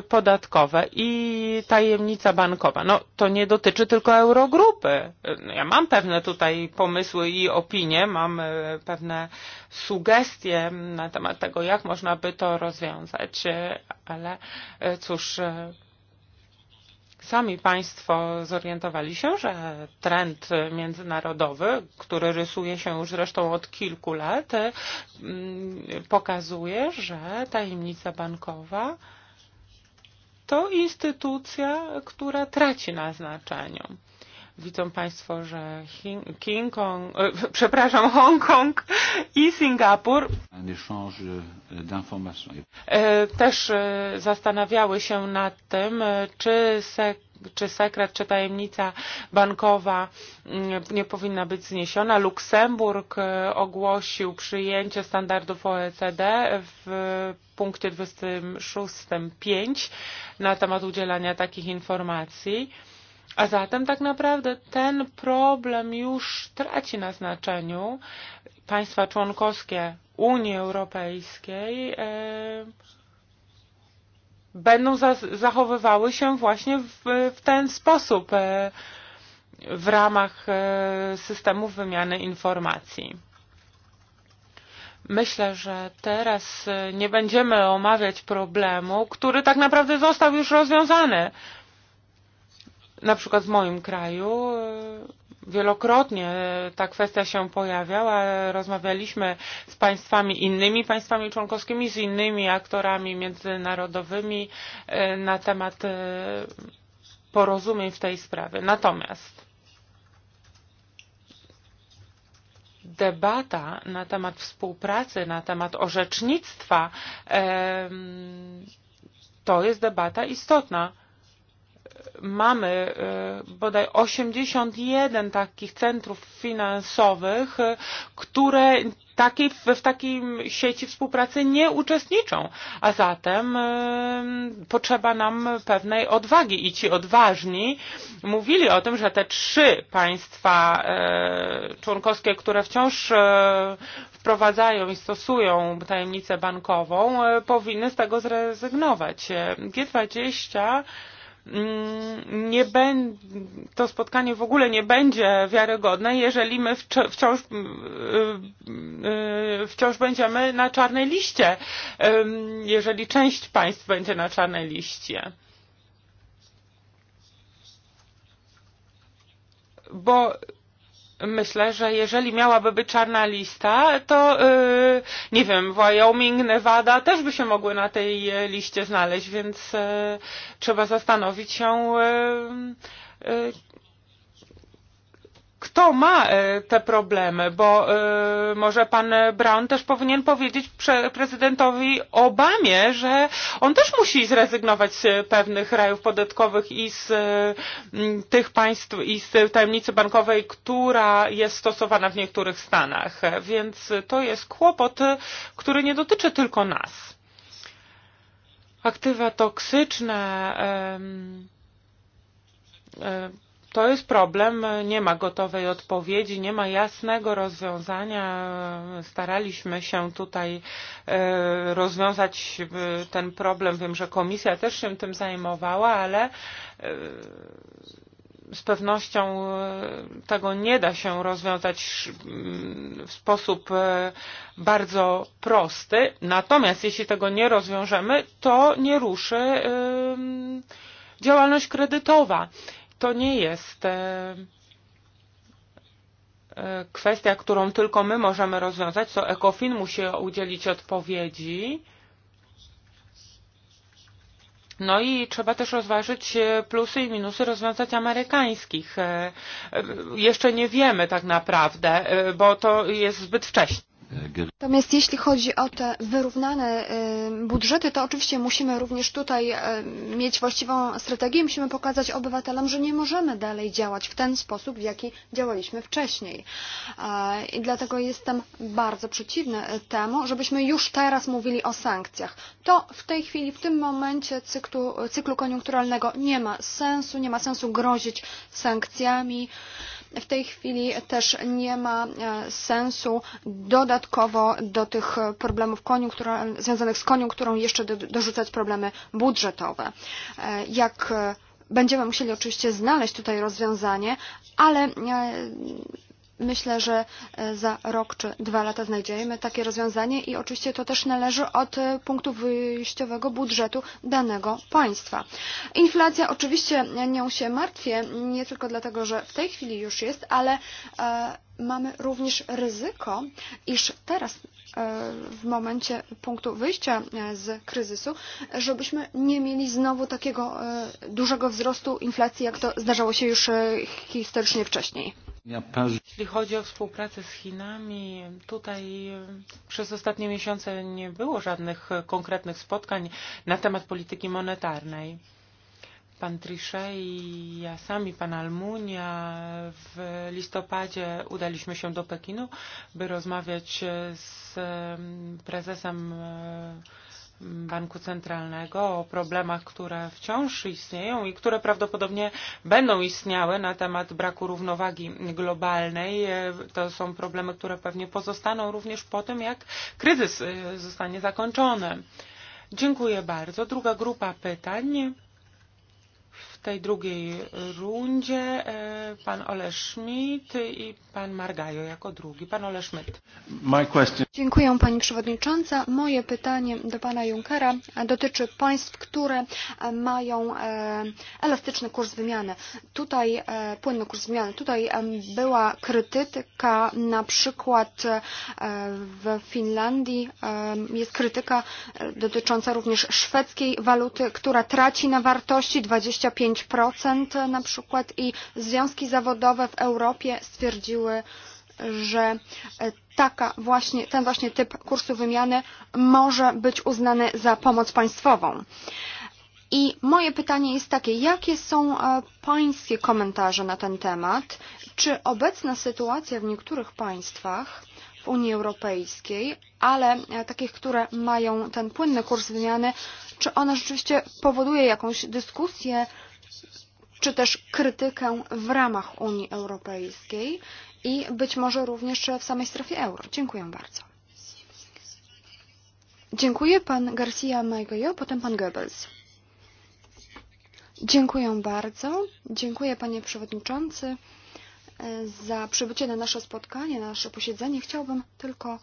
podatkowe i tajemnica bankowa. No to nie dotyczy tylko Eurogrupy. Ja mam pewne tutaj pomysły i opinie, mam pewne sugestie na temat tego, jak można by to rozwiązać, ale cóż, Sami Państwo zorientowali się, że trend międzynarodowy, który rysuje się już zresztą od kilku lat, mm, pokazuje, że tajemnica bankowa to instytucja, która traci na znaczeniu. Widzą Państwo, że Chin, King Kong, e, przepraszam, Hongkong i Singapur e, też e, zastanawiały się nad tym, e, czy sek czy sekret, czy tajemnica bankowa mm, nie powinna być zniesiona. Luksemburg e, ogłosił przyjęcie standardów OECD w punkcie 26.5 na temat udzielania takich informacji. A zatem tak naprawdę ten problem już traci na znaczeniu. Państwa członkowskie Unii Europejskiej e, będą za zachowywały się właśnie w, w ten sposób e, w ramach e, systemów wymiany informacji. Myślę, że teraz e, nie będziemy omawiać problemu, który tak naprawdę został już rozwiązany na przykład w moim kraju e, wielokrotnie ta kwestia się pojawiała. Rozmawialiśmy z państwami innymi, państwami członkowskimi, z innymi aktorami międzynarodowymi e, na temat e, porozumień w tej sprawie. Natomiast debata na temat współpracy, na temat orzecznictwa to jest debata istotna mamy e, bodaj 81 takich centrów finansowych, e, które takiej, w takiej sieci współpracy nie uczestniczą, a zatem y, e, potrzeba nam pewnej odwagi i ci odważni mówili o tym, że te trzy państwa y, członkowskie, które wciąż y, wprowadzają i stosują tajemnicę bankową, y, powinny z tego zrezygnować. G20 Mm, nie to spotkanie w ogóle nie będzie wiarygodne, jeżeli my wci wciąż, mm, wciąż będziemy na czarnej liście, jeżeli część państw będzie na czarnej liście. Bo Myślę, że jeżeli miałaby być czarna lista, to yy, e, nie wiem, Wyoming, Nevada też by się mogły na tej e, liście znaleźć, więc yy, e, trzeba zastanowić się, yy, kto ma e, te problemy, bo e, może pan Brown też powinien powiedzieć prezydentowi Obamie, że on też musi zrezygnować z pewnych rajów podatkowych i z tych państw i z tajemnicy bankowej, która jest stosowana w niektórych Stanach. Więc to jest kłopot, który nie dotyczy tylko nas. Aktywa toksyczne. Um, To jest problem, nie ma gotowej odpowiedzi, nie ma jasnego rozwiązania. Staraliśmy się tutaj e, rozwiązać e, ten problem. Wiem, że komisja też się tym zajmowała, ale e, z pewnością tego nie da się rozwiązać mm, w sposób bardzo prosty. Natomiast jeśli tego nie rozwiążemy, to nie ruszy działalność kredytowa to nie jest e, e, kwestia, którą tylko my możemy rozwiązać, to ECOFIN musi udzielić odpowiedzi. No i trzeba też rozważyć e, plusy i minusy rozwiązań amerykańskich. Jeszcze nie wiemy tak naprawdę, bo to jest zbyt wcześnie. Natomiast jeśli chodzi o te wyrównane budżety, to oczywiście musimy również tutaj mieć właściwą strategię. Musimy pokazać obywatelom, że nie możemy dalej działać w ten sposób, w jaki działaliśmy wcześniej. I dlatego jestem bardzo przeciwny temu, żebyśmy już teraz mówili o sankcjach. To w tej chwili, w tym momencie cyklu, cyklu koniunkturalnego nie ma sensu. Nie ma sensu grozić sankcjami. Yy, W tej chwili też nie ma e, sensu dodatkowo do tych e, problemów związanych z koniunkturą jeszcze do, dorzucać problemy budżetowe. E, jak będziemy musieli oczywiście znaleźć tutaj rozwiązanie, ale Myślę, że e, za rok czy dwa lata znajdziemy takie rozwiązanie i oczywiście to też należy od e, punktu wyjściowego budżetu danego państwa. Inflacja oczywiście nią się martwię, nie tylko dlatego, że w tej chwili już jest, ale e, mamy również ryzyko, iż teraz e, w momencie punktu wyjścia z kryzysu, żebyśmy nie mieli znowu takiego dużego wzrostu inflacji, jak to zdarzało się już historycznie wcześniej. Jeśli chodzi o współpracę z Chinami, tutaj przez ostatnie miesiące nie było żadnych konkretnych spotkań na temat polityki monetarnej. Pan Trichet i ja sami, pan Almunia w listopadzie udaliśmy się do Pekinu, by rozmawiać z prezesem e, Banku Centralnego o problemach, które wciąż istnieją i które prawdopodobnie będą istniały na temat braku równowagi globalnej. To są problemy, które pewnie pozostaną również po tym, jak kryzys e, zostanie zakończony. Dziękuję bardzo. Druga grupa pytań tej drugiej rundzie e, pan Ole Schmidt i pan Margajo jako drugi. Pan Ole Schmidt. Dziękuję pani przewodnicząca. Moje pytanie do pana Junckera dotyczy państw, które e, mają e, elastyczny kurs wymiany. Tutaj płynny kurs wymiany. Tutaj była krytyka na przykład w Finlandii jest krytyka dotycząca również szwedzkiej waluty, która traci na wartości 25 5% na przykład i związki zawodowe w Europie stwierdziły, że e, taka właśnie, ten właśnie typ kursu wymiany może być uznany za pomoc państwową. I moje pytanie jest takie, jakie są e, pańskie komentarze na ten temat? Czy obecna sytuacja w niektórych państwach w Unii Europejskiej, ale e, takich, które mają ten płynny kurs wymiany, czy ona rzeczywiście powoduje jakąś dyskusję czy też krytykę w ramach Unii Europejskiej i być może również w samej strefie euro. Dziękuję bardzo. Dziękuję pan Garcia Magoyo, potem pan Goebbels. Dziękuję bardzo. Dziękuję panie przewodniczący e, za przybycie na nasze spotkanie, na nasze posiedzenie. Chciałbym tylko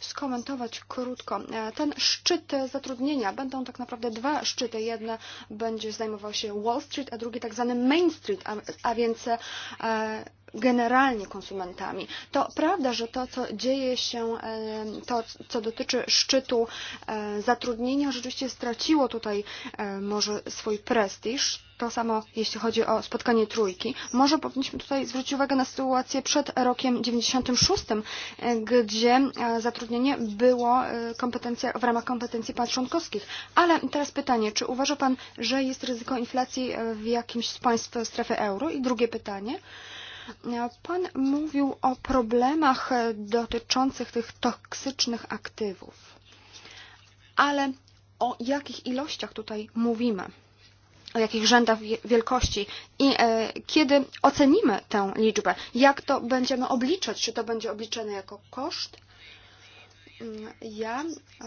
skomentować krótko. E, ten szczyt zatrudnienia, będą tak naprawdę dwa szczyty. Jeden będzie zajmował się Wall Street, a drugi tak zwany Main Street, a, a więc e, generalnie konsumentami. To prawda, że to, co dzieje się, e, to, co dotyczy szczytu e, zatrudnienia, rzeczywiście straciło tutaj e, może swój prestiż. To samo, jeśli chodzi o spotkanie trójki. Może powinniśmy tutaj zwrócić uwagę na sytuację przed rokiem 96, gdzie zatrudnienie było kompetencja, w ramach kompetencji państw członkowskich. Ale teraz pytanie, czy uważa Pan, że jest ryzyko inflacji w jakimś z państw strefy euro? I drugie pytanie. Yy, Pan mówił o problemach dotyczących tych toksycznych aktywów. Ale o jakich ilościach tutaj mówimy? o jakich rzędach wielkości i e, kiedy ocenimy tę liczbę, jak to będziemy obliczać, czy to będzie obliczone jako koszt, ja, e,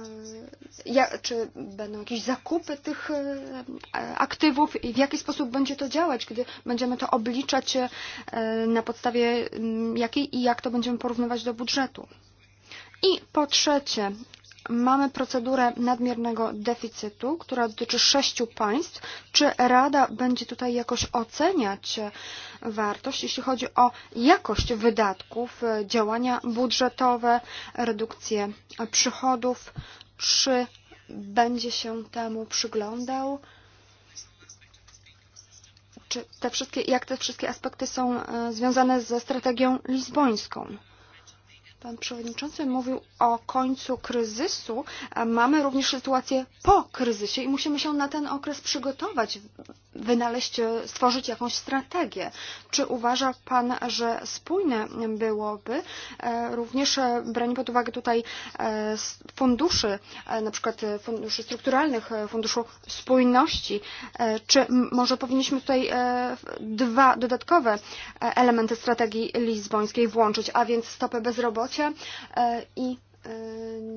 ja, czy będą jakieś zakupy tych e, aktywów i w jaki sposób będzie to działać, gdy będziemy to obliczać e, na podstawie jakiej i jak to będziemy porównywać do budżetu. I po trzecie, mamy procedurę nadmiernego deficytu, która dotyczy sześciu państw. Czy Rada będzie tutaj jakoś oceniać wartość, jeśli chodzi o jakość wydatków, działania budżetowe, redukcję przychodów? Czy będzie się temu przyglądał? Czy te wszystkie, jak te wszystkie aspekty są e, związane ze strategią lizbońską? Pan przewodniczący mówił o końcu kryzysu. E, mamy również sytuację po kryzysie i musimy się na ten okres przygotować, wynaleźć, e, stworzyć jakąś strategię. Czy uważa Pan, że spójne byłoby e, również branie pod uwagę tutaj funduszy, na przykład funduszy strukturalnych, funduszu spójności? Czy może powinniśmy tutaj dwa dodatkowe elementy strategii lizbońskiej włączyć, a więc stopę bezrobocia? bezrobocia i e,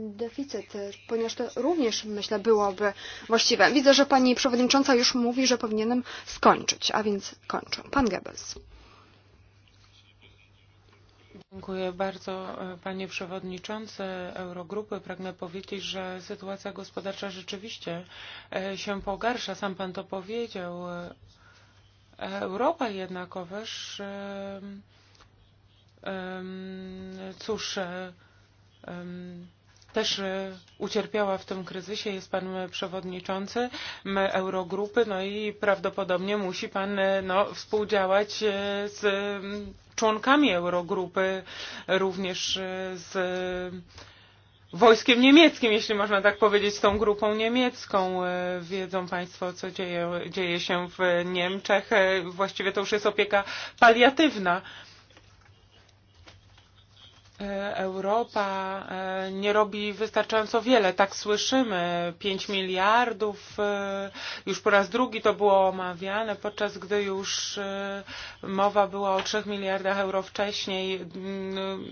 deficyt, ponieważ to również, myślę, byłoby właściwe. Widzę, że pani przewodnicząca już mówi, że powinienem skończyć, a więc kończę. Pan Goebbels. Dziękuję bardzo e, panie przewodniczący Eurogrupy. Pragnę powiedzieć, że sytuacja gospodarcza rzeczywiście e, się pogarsza. Sam pan to powiedział. Europa jednakowoż cóż, e, też ucierpiała w tym kryzysie, jest pan przewodniczący Eurogrupy, no i prawdopodobnie musi pan no, współdziałać e, z członkami Eurogrupy, również e, z wojskiem niemieckim, jeśli można tak powiedzieć, z tą grupą niemiecką. Wiedzą Państwo, co dzieje, dzieje się w Niemczech. Właściwie to już jest opieka paliatywna. Yy, Europa e, nie robi wystarczająco wiele. Tak słyszymy. 5 miliardów e, już po raz drugi to było omawiane, podczas gdy już e, mowa była o 3 miliardach euro wcześniej, mm,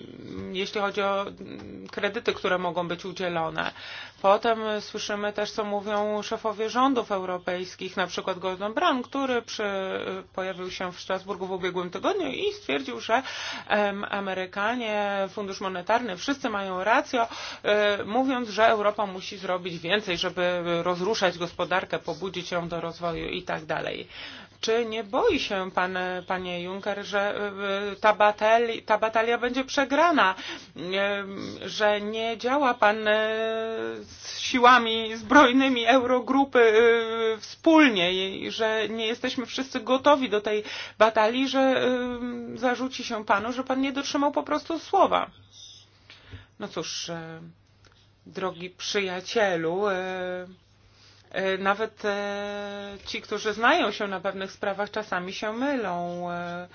jeśli chodzi o mm, kredyty, które mogą być udzielone. Potem słyszymy też, co mówią szefowie rządów europejskich, na przykład Gordon Brown, który przy, pojawił się w Strasburgu w ubiegłym tygodniu i stwierdził, że Amerykanie Fundusz Monetarny, wszyscy mają rację, e, mówiąc, że Europa musi zrobić więcej, żeby rozruszać gospodarkę, pobudzić ją do rozwoju i tak dalej. Czy nie boi się pan, panie Juncker, że e, ta, batali, ta batalia będzie przegrana, e, że nie działa pan e, z siłami zbrojnymi Eurogrupy wspólnie i że nie jesteśmy wszyscy gotowi do tej batalii, że zarzuci się panu, że pan nie dotrzymał po prostu słowa? No cóż, drogi przyjacielu, E, nawet e, ci, którzy znają się na pewnych sprawach, czasami się mylą. E,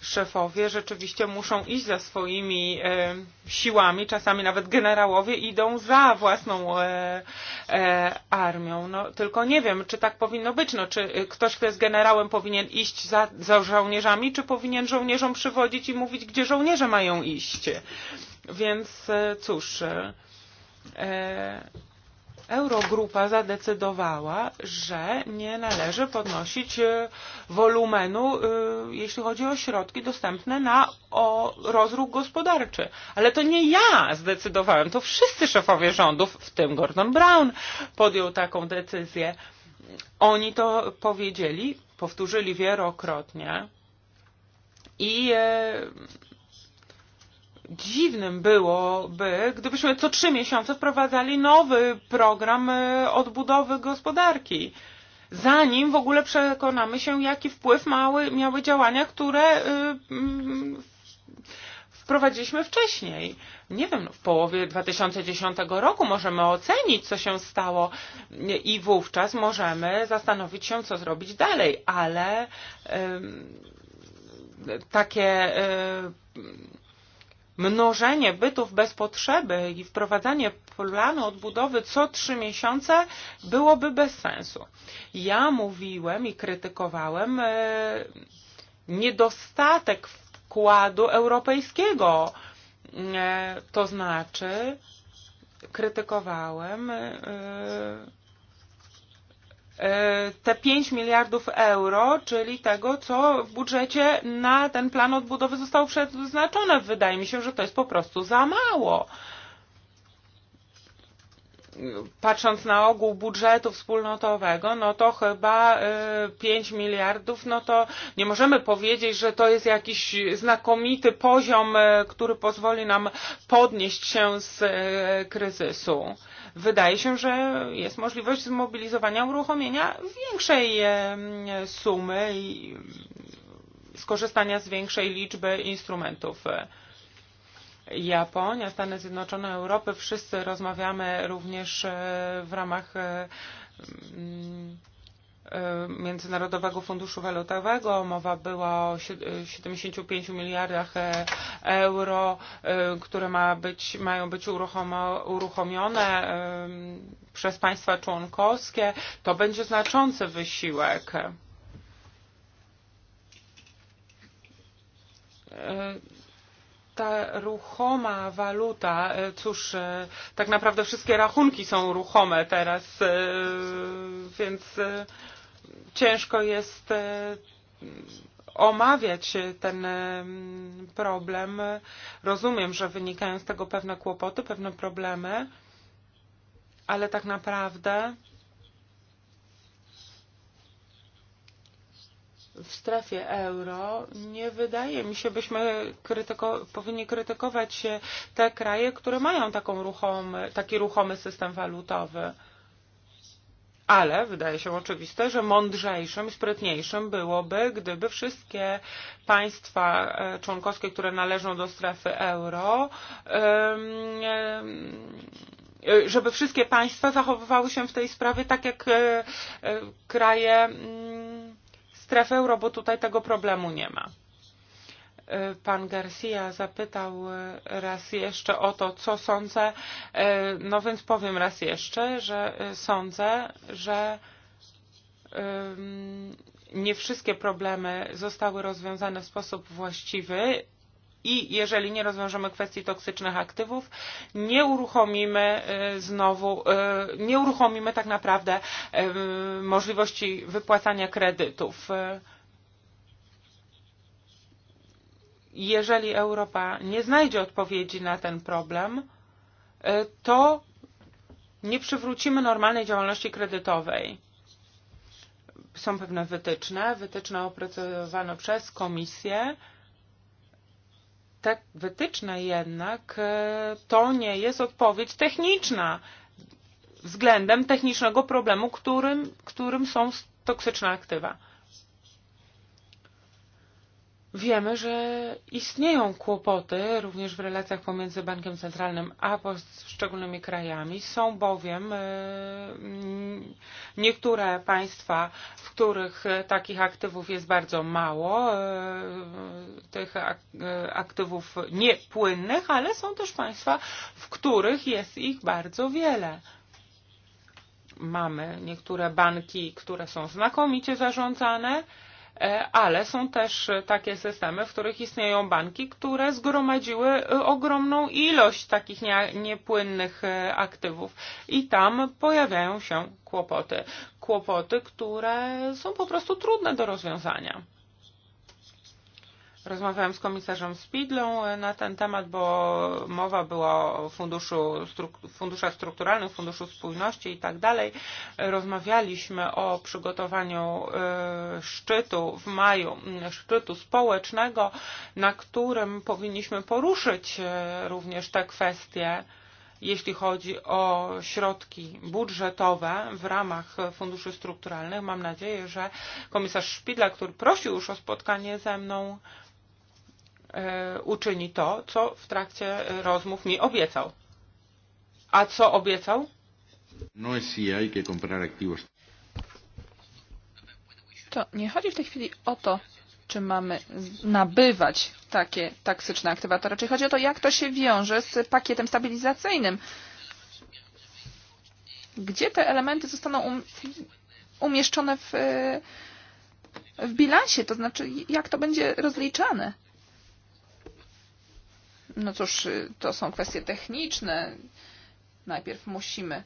szefowie rzeczywiście muszą iść za swoimi siłami, czasami nawet generałowie idą za własną armią. No, tylko nie wiem, czy tak powinno być. No, czy ktoś, kto jest generałem, powinien iść za, za żołnierzami, czy powinien żołnierzom przywodzić i mówić, gdzie żołnierze mają iść. Więc cóż. E, Eurogrupa zadecydowała, że nie należy podnosić e, wolumenu, e, jeśli chodzi o środki dostępne na o rozruch gospodarczy. Ale to nie ja zdecydowałem, to wszyscy szefowie rządów, w tym Gordon Brown, podjął taką decyzję. Oni to powiedzieli, powtórzyli wielokrotnie i e, dziwnym byłoby, gdybyśmy co trzy miesiące wprowadzali nowy program e, odbudowy gospodarki, zanim w ogóle przekonamy się, jaki wpływ mały, miały działania, które e, mm, wprowadziliśmy wcześniej. Nie wiem, w połowie 2010 roku możemy ocenić, co się stało i wówczas możemy zastanowić się, co zrobić dalej, ale takie e, mnożenie bytów bez potrzeby i wprowadzanie planu odbudowy co trzy miesiące byłoby bez sensu. Ja mówiłem i krytykowałem e, niedostatek wkładu europejskiego. E, to znaczy krytykowałem e, te 5 miliardów euro, czyli tego, co w budżecie na ten plan odbudowy zostało przeznaczone. Wydaje mi się, że to jest po prostu za mało. Patrząc na ogół budżetu wspólnotowego, no to chyba 5 miliardów, no to nie możemy powiedzieć, że to jest jakiś znakomity poziom, który pozwoli nam podnieść się z kryzysu wydaje się, że jest możliwość zmobilizowania, uruchomienia większej sumy i skorzystania z większej liczby instrumentów. Japonia, Stany Zjednoczone, Europy, wszyscy rozmawiamy również e, w ramach e, E, Międzynarodowego Funduszu Walutowego. Mowa była o 75 e, miliardach e, euro, które ma być, mają być uruchomione przez państwa członkowskie. To będzie znaczący wysiłek. ta ruchoma waluta, cóż, tak naprawdę wszystkie rachunki są ruchome teraz, więc ciężko jest e, omawiać ten e, problem. Rozumiem, że wynikają z tego pewne kłopoty, pewne problemy, ale tak naprawdę w strefie euro, nie wydaje mi się, byśmy krytyko powinni krytykować te kraje, które mają taką ruchomy, taki ruchomy system walutowy ale wydaje się oczywiste, że mądrzejszym i sprytniejszym byłoby, gdyby wszystkie państwa e, członkowskie, które należą do strefy euro, żeby wszystkie państwa zachowywały się w tej sprawie tak jak e, e, kraje mm, strefy euro, bo tutaj tego problemu nie ma pan Garcia zapytał raz jeszcze o to, co sądzę. E, no więc powiem raz jeszcze, że e, sądzę, że nie wszystkie problemy zostały rozwiązane w sposób właściwy i jeżeli nie rozwiążemy kwestii toksycznych aktywów, nie uruchomimy e, znowu, nie uruchomimy tak naprawdę możliwości wypłacania kredytów. jeżeli Europa nie znajdzie odpowiedzi na ten problem, e, to nie przywrócimy normalnej działalności kredytowej. Są pewne wytyczne. Wytyczne opracowano przez komisję. Te wytyczne jednak e, to nie jest odpowiedź techniczna względem technicznego problemu, którym, którym są toksyczne aktywa. Wiemy, że istnieją kłopoty również w relacjach pomiędzy Bankiem Centralnym a poszczególnymi krajami. Są bowiem e, niektóre państwa, w których e, takich aktywów jest bardzo mało, e, tych aktywów niepłynnych, ale są też państwa, w których jest ich bardzo wiele mamy niektóre banki, które są znakomicie zarządzane, ale są też takie systemy, w których istnieją banki, które zgromadziły e, ogromną ilość takich niepłynnych e, aktywów i tam pojawiają się kłopoty. Kłopoty, które są po prostu trudne do rozwiązania. Rozmawiałem z komisarzem Spidlą e, na ten temat, bo mowa była o funduszu, struk, funduszach strukturalnych, funduszu spójności i tak dalej. Rozmawialiśmy o przygotowaniu y, e, szczytu w maju, szczytu społecznego, na którym powinniśmy poruszyć e, również te kwestie jeśli chodzi o środki budżetowe w ramach funduszy strukturalnych. Mam nadzieję, że komisarz Szpidla, który prosił już o spotkanie ze mną, E, uczyni to, co w trakcie rozmów mi obiecał. A co obiecał? No es si hay que comprar activos. To nie chodzi w tej chwili o to, czy mamy nabywać takie taksyczne aktywa, to raczej chodzi o to, jak to się wiąże z pakietem stabilizacyjnym. Gdzie te elementy zostaną um, umieszczone w, e, w bilansie, to znaczy jak to będzie rozliczane? No cóż, to są kwestie techniczne. Najpierw musimy,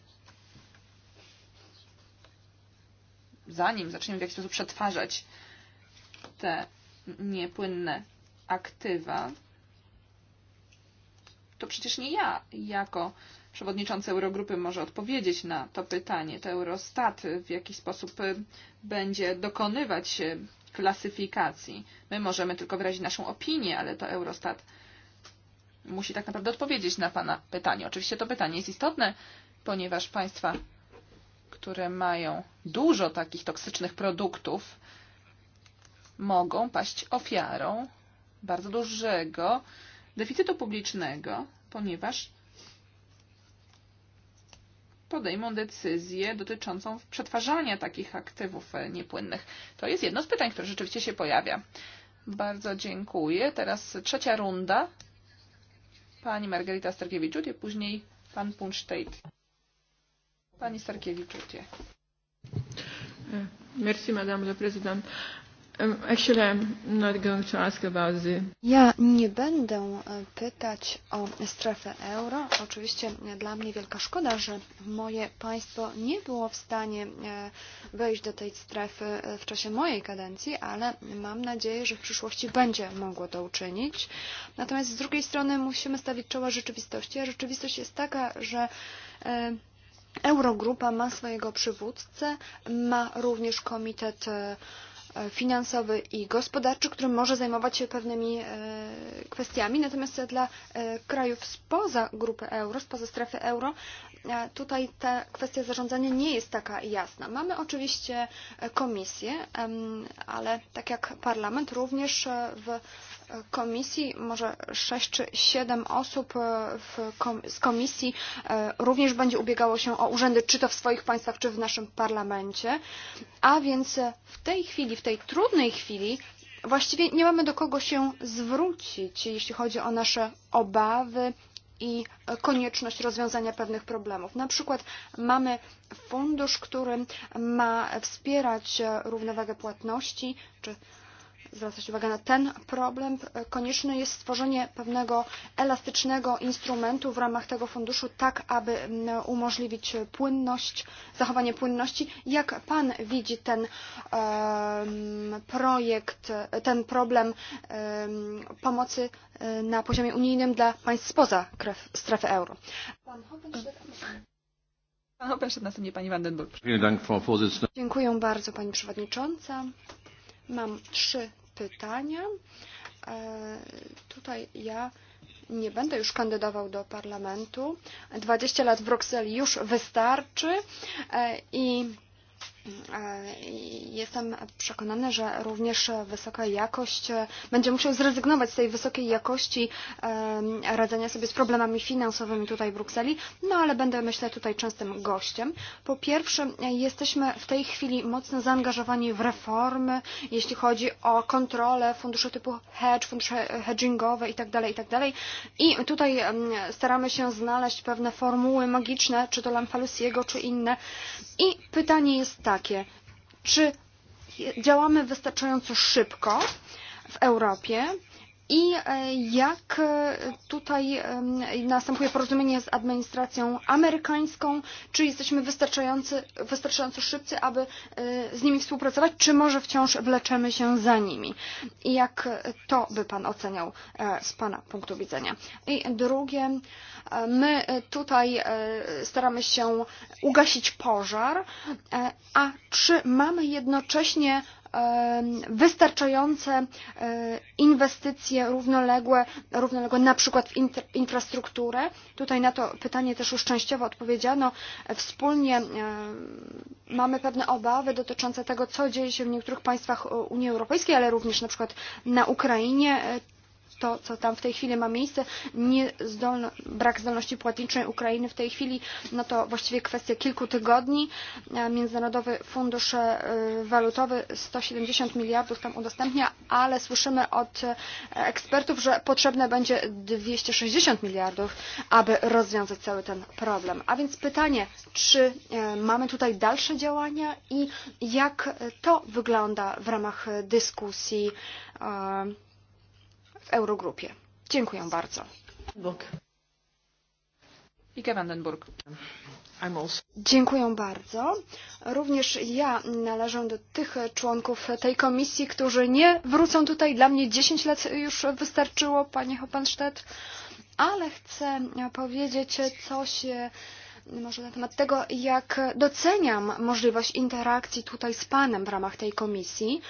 zanim zaczniemy w jakiś sposób przetwarzać te niepłynne aktywa, to przecież nie ja jako przewodniczący Eurogrupy może odpowiedzieć na to pytanie. To Eurostat w jakiś sposób będzie dokonywać klasyfikacji. My możemy tylko wyrazić naszą opinię, ale to Eurostat musi tak naprawdę odpowiedzieć na Pana pytanie. Oczywiście to pytanie jest istotne, ponieważ państwa, które mają dużo takich toksycznych produktów, mogą paść ofiarą bardzo dużego deficytu publicznego, ponieważ podejmą decyzję dotyczącą przetwarzania takich aktywów e, niepłynnych. To jest jedno z pytań, które rzeczywiście się pojawia. Bardzo dziękuję. Teraz trzecia runda Pani Margarita Starkiewiczutė, później pan Punsztejt. Pani Starkiewiczutė. Merci, madame la présidente. Um, actually, I'm not going to ask about the... Ja nie będę e, pytać o strefę euro. Oczywiście dla mnie wielka szkoda, że moje państwo nie było w stanie e, wejść do tej strefy e, w czasie mojej kadencji, ale mam nadzieję, że w przyszłości będzie mogło to uczynić. Natomiast z drugiej strony musimy stawić czoła rzeczywistości, a rzeczywistość jest taka, że Eurogrupa ma swojego przywódcę, ma również komitet finansowy i gospodarczy, który może zajmować się pewnymi e, kwestiami. Natomiast dla e, krajów spoza grupy euro, spoza strefy euro, e, tutaj ta kwestia zarządzania nie jest taka jasna. Mamy oczywiście komisję, ale tak jak parlament również w komisji, może 6 czy 7 osób e, kom z komisji e, również będzie ubiegało się o urzędy, czy to w swoich państwach, czy w naszym parlamencie. A więc e, w tej chwili, w tej trudnej chwili właściwie nie mamy do kogo się zwrócić, jeśli chodzi o nasze obawy i konieczność rozwiązania pewnych problemów. Na przykład mamy fundusz, który ma wspierać równowagę płatności, czy zwracać uwagę na ten problem, konieczne jest stworzenie pewnego elastycznego instrumentu w ramach tego funduszu, tak aby umożliwić płynność, zachowanie płynności. Jak Pan widzi ten um, projekt, ten problem um, pomocy e, na poziomie unijnym dla państw spoza kref, strefy euro? Pan Hopenszczyk, następnie Pani Vandenburg. Dziękuję bardzo Pani Przewodnicząca. Mam trzy pytania. E, tutaj ja nie będę już kandydował do parlamentu. 20 lat w Brukseli już wystarczy e, i E, jestem przekonana, że również wysoka jakość e, będzie musiał zrezygnować z tej wysokiej jakości e, radzenia sobie z problemami finansowymi tutaj w Brukseli, no ale będę myślę tutaj częstym gościem. Po pierwsze, jesteśmy w tej chwili mocno zaangażowani w reformy, jeśli chodzi o kontrolę funduszy typu hedge, fundusze hedgingowe itd. itd. I tutaj staramy się znaleźć pewne formuły magiczne, czy to Lamfalusiego, czy inne. I pytanie jest tak, takie. Czy działamy wystarczająco szybko w Europie? I e, jak e, tutaj następuje porozumienie z administracją amerykańską? Czy jesteśmy wystarczający, wystarczająco szybcy, aby e, z nimi współpracować, czy może wciąż wleczemy się za nimi? I jak to by Pan oceniał z Pana punktu widzenia? I drugie, my tutaj staramy się ugasić pożar, a czy mamy jednocześnie wystarczające inwestycje równoległe, równoległe na przykład w infrastrukturę. Tutaj na to pytanie też już częściowo odpowiedziano. Wspólnie mamy pewne obawy dotyczące tego, co dzieje się w niektórych państwach e, Unii Europejskiej, ale również na przykład na Ukrainie e, to, co tam w tej chwili ma miejsce, niezdolno, brak zdolności płatniczej Ukrainy w tej chwili, no to właściwie kwestia kilku tygodni. E, Międzynarodowy Fundusz e, Walutowy 170 miliardów tam udostępnia, ale słyszymy od e, ekspertów, że potrzebne będzie 260 miliardów, aby rozwiązać cały ten problem. A więc pytanie, czy mamy tutaj dalsze działania i jak to wygląda w ramach dyskusji? Um w Eurogrupie. Dziękuję bardzo. Bóg. Ike Vandenburg. Dziękuję bardzo. Również ja należę do tych członków tej komisji, którzy nie wrócą tutaj. Dla mnie 10 lat już wystarczyło, panie Hoppenstedt. Ale chcę powiedzieć coś e, może na temat tego, jak doceniam możliwość interakcji tutaj z panem w ramach tej komisji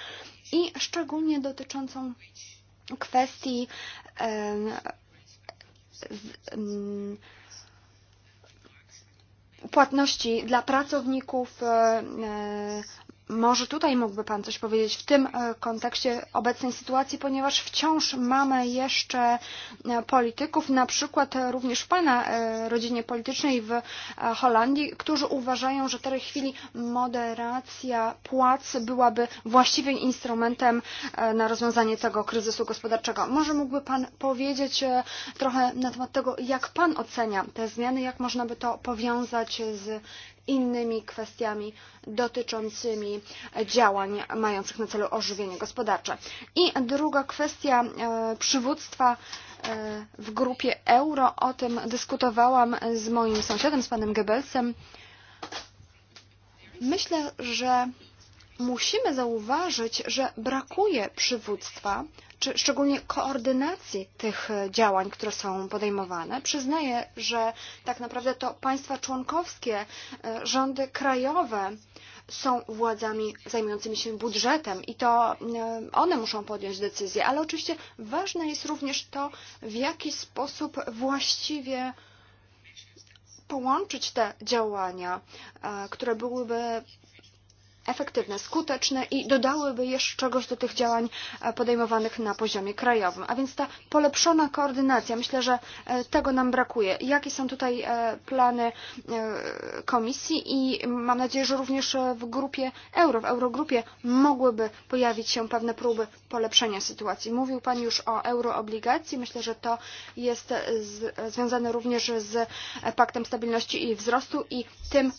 i szczególnie dotyczącą kwestii płatności dla pracowników Może tutaj mógłby Pan coś powiedzieć w tym e, kontekście obecnej sytuacji, ponieważ wciąż mamy jeszcze e, polityków, na przykład e, również w Pana rodzinie politycznej w Holandii, którzy uważają, że w tej chwili moderacja płac byłaby właściwym instrumentem na rozwiązanie tego kryzysu gospodarczego. Może mógłby Pan powiedzieć trochę na temat tego, jak Pan ocenia te zmiany, jak można by to powiązać z innymi kwestiami dotyczącymi działań mających na celu ożywienie gospodarcze. I druga kwestia e, przywództwa e, w grupie euro. O tym dyskutowałam z moim sąsiadem, z panem Goebbelsem. Myślę, że musimy zauważyć, że brakuje przywództwa czy szczególnie koordynacji tych działań, które są podejmowane. Przyznaję, że tak naprawdę to państwa członkowskie, e, rządy krajowe są władzami zajmującymi się budżetem i to e, one muszą podjąć decyzję, ale oczywiście ważne jest również to, w jaki sposób właściwie połączyć te działania, e, które byłyby efektywne, skuteczne i dodałyby jeszcze czegoś do tych działań e, podejmowanych na poziomie krajowym. A więc ta polepszona koordynacja, myślę, że e, tego nam brakuje. Jakie są tutaj e, plany komisji i mam nadzieję, że również w grupie euro, w eurogrupie mogłyby pojawić się pewne próby polepszenia sytuacji. Mówił Pan już o euroobligacji. Myślę, że to jest z, związane również z Paktem Stabilności i Wzrostu i tym,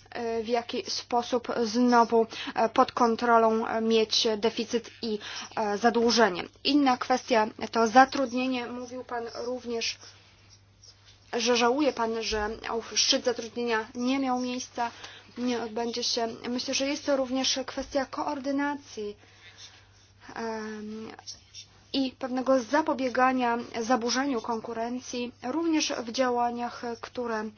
w jaki sposób znowu pod kontrolą e, mieć deficyt i e, zadłużenie. Inna kwestia to zatrudnienie. Mówił Pan również, że żałuje Pan, że szczyt zatrudnienia nie miał miejsca, nie odbędzie się. Myślę, że jest to również kwestia koordynacji i pewnego zapobiegania zaburzeniu konkurencji również w działaniach, które e,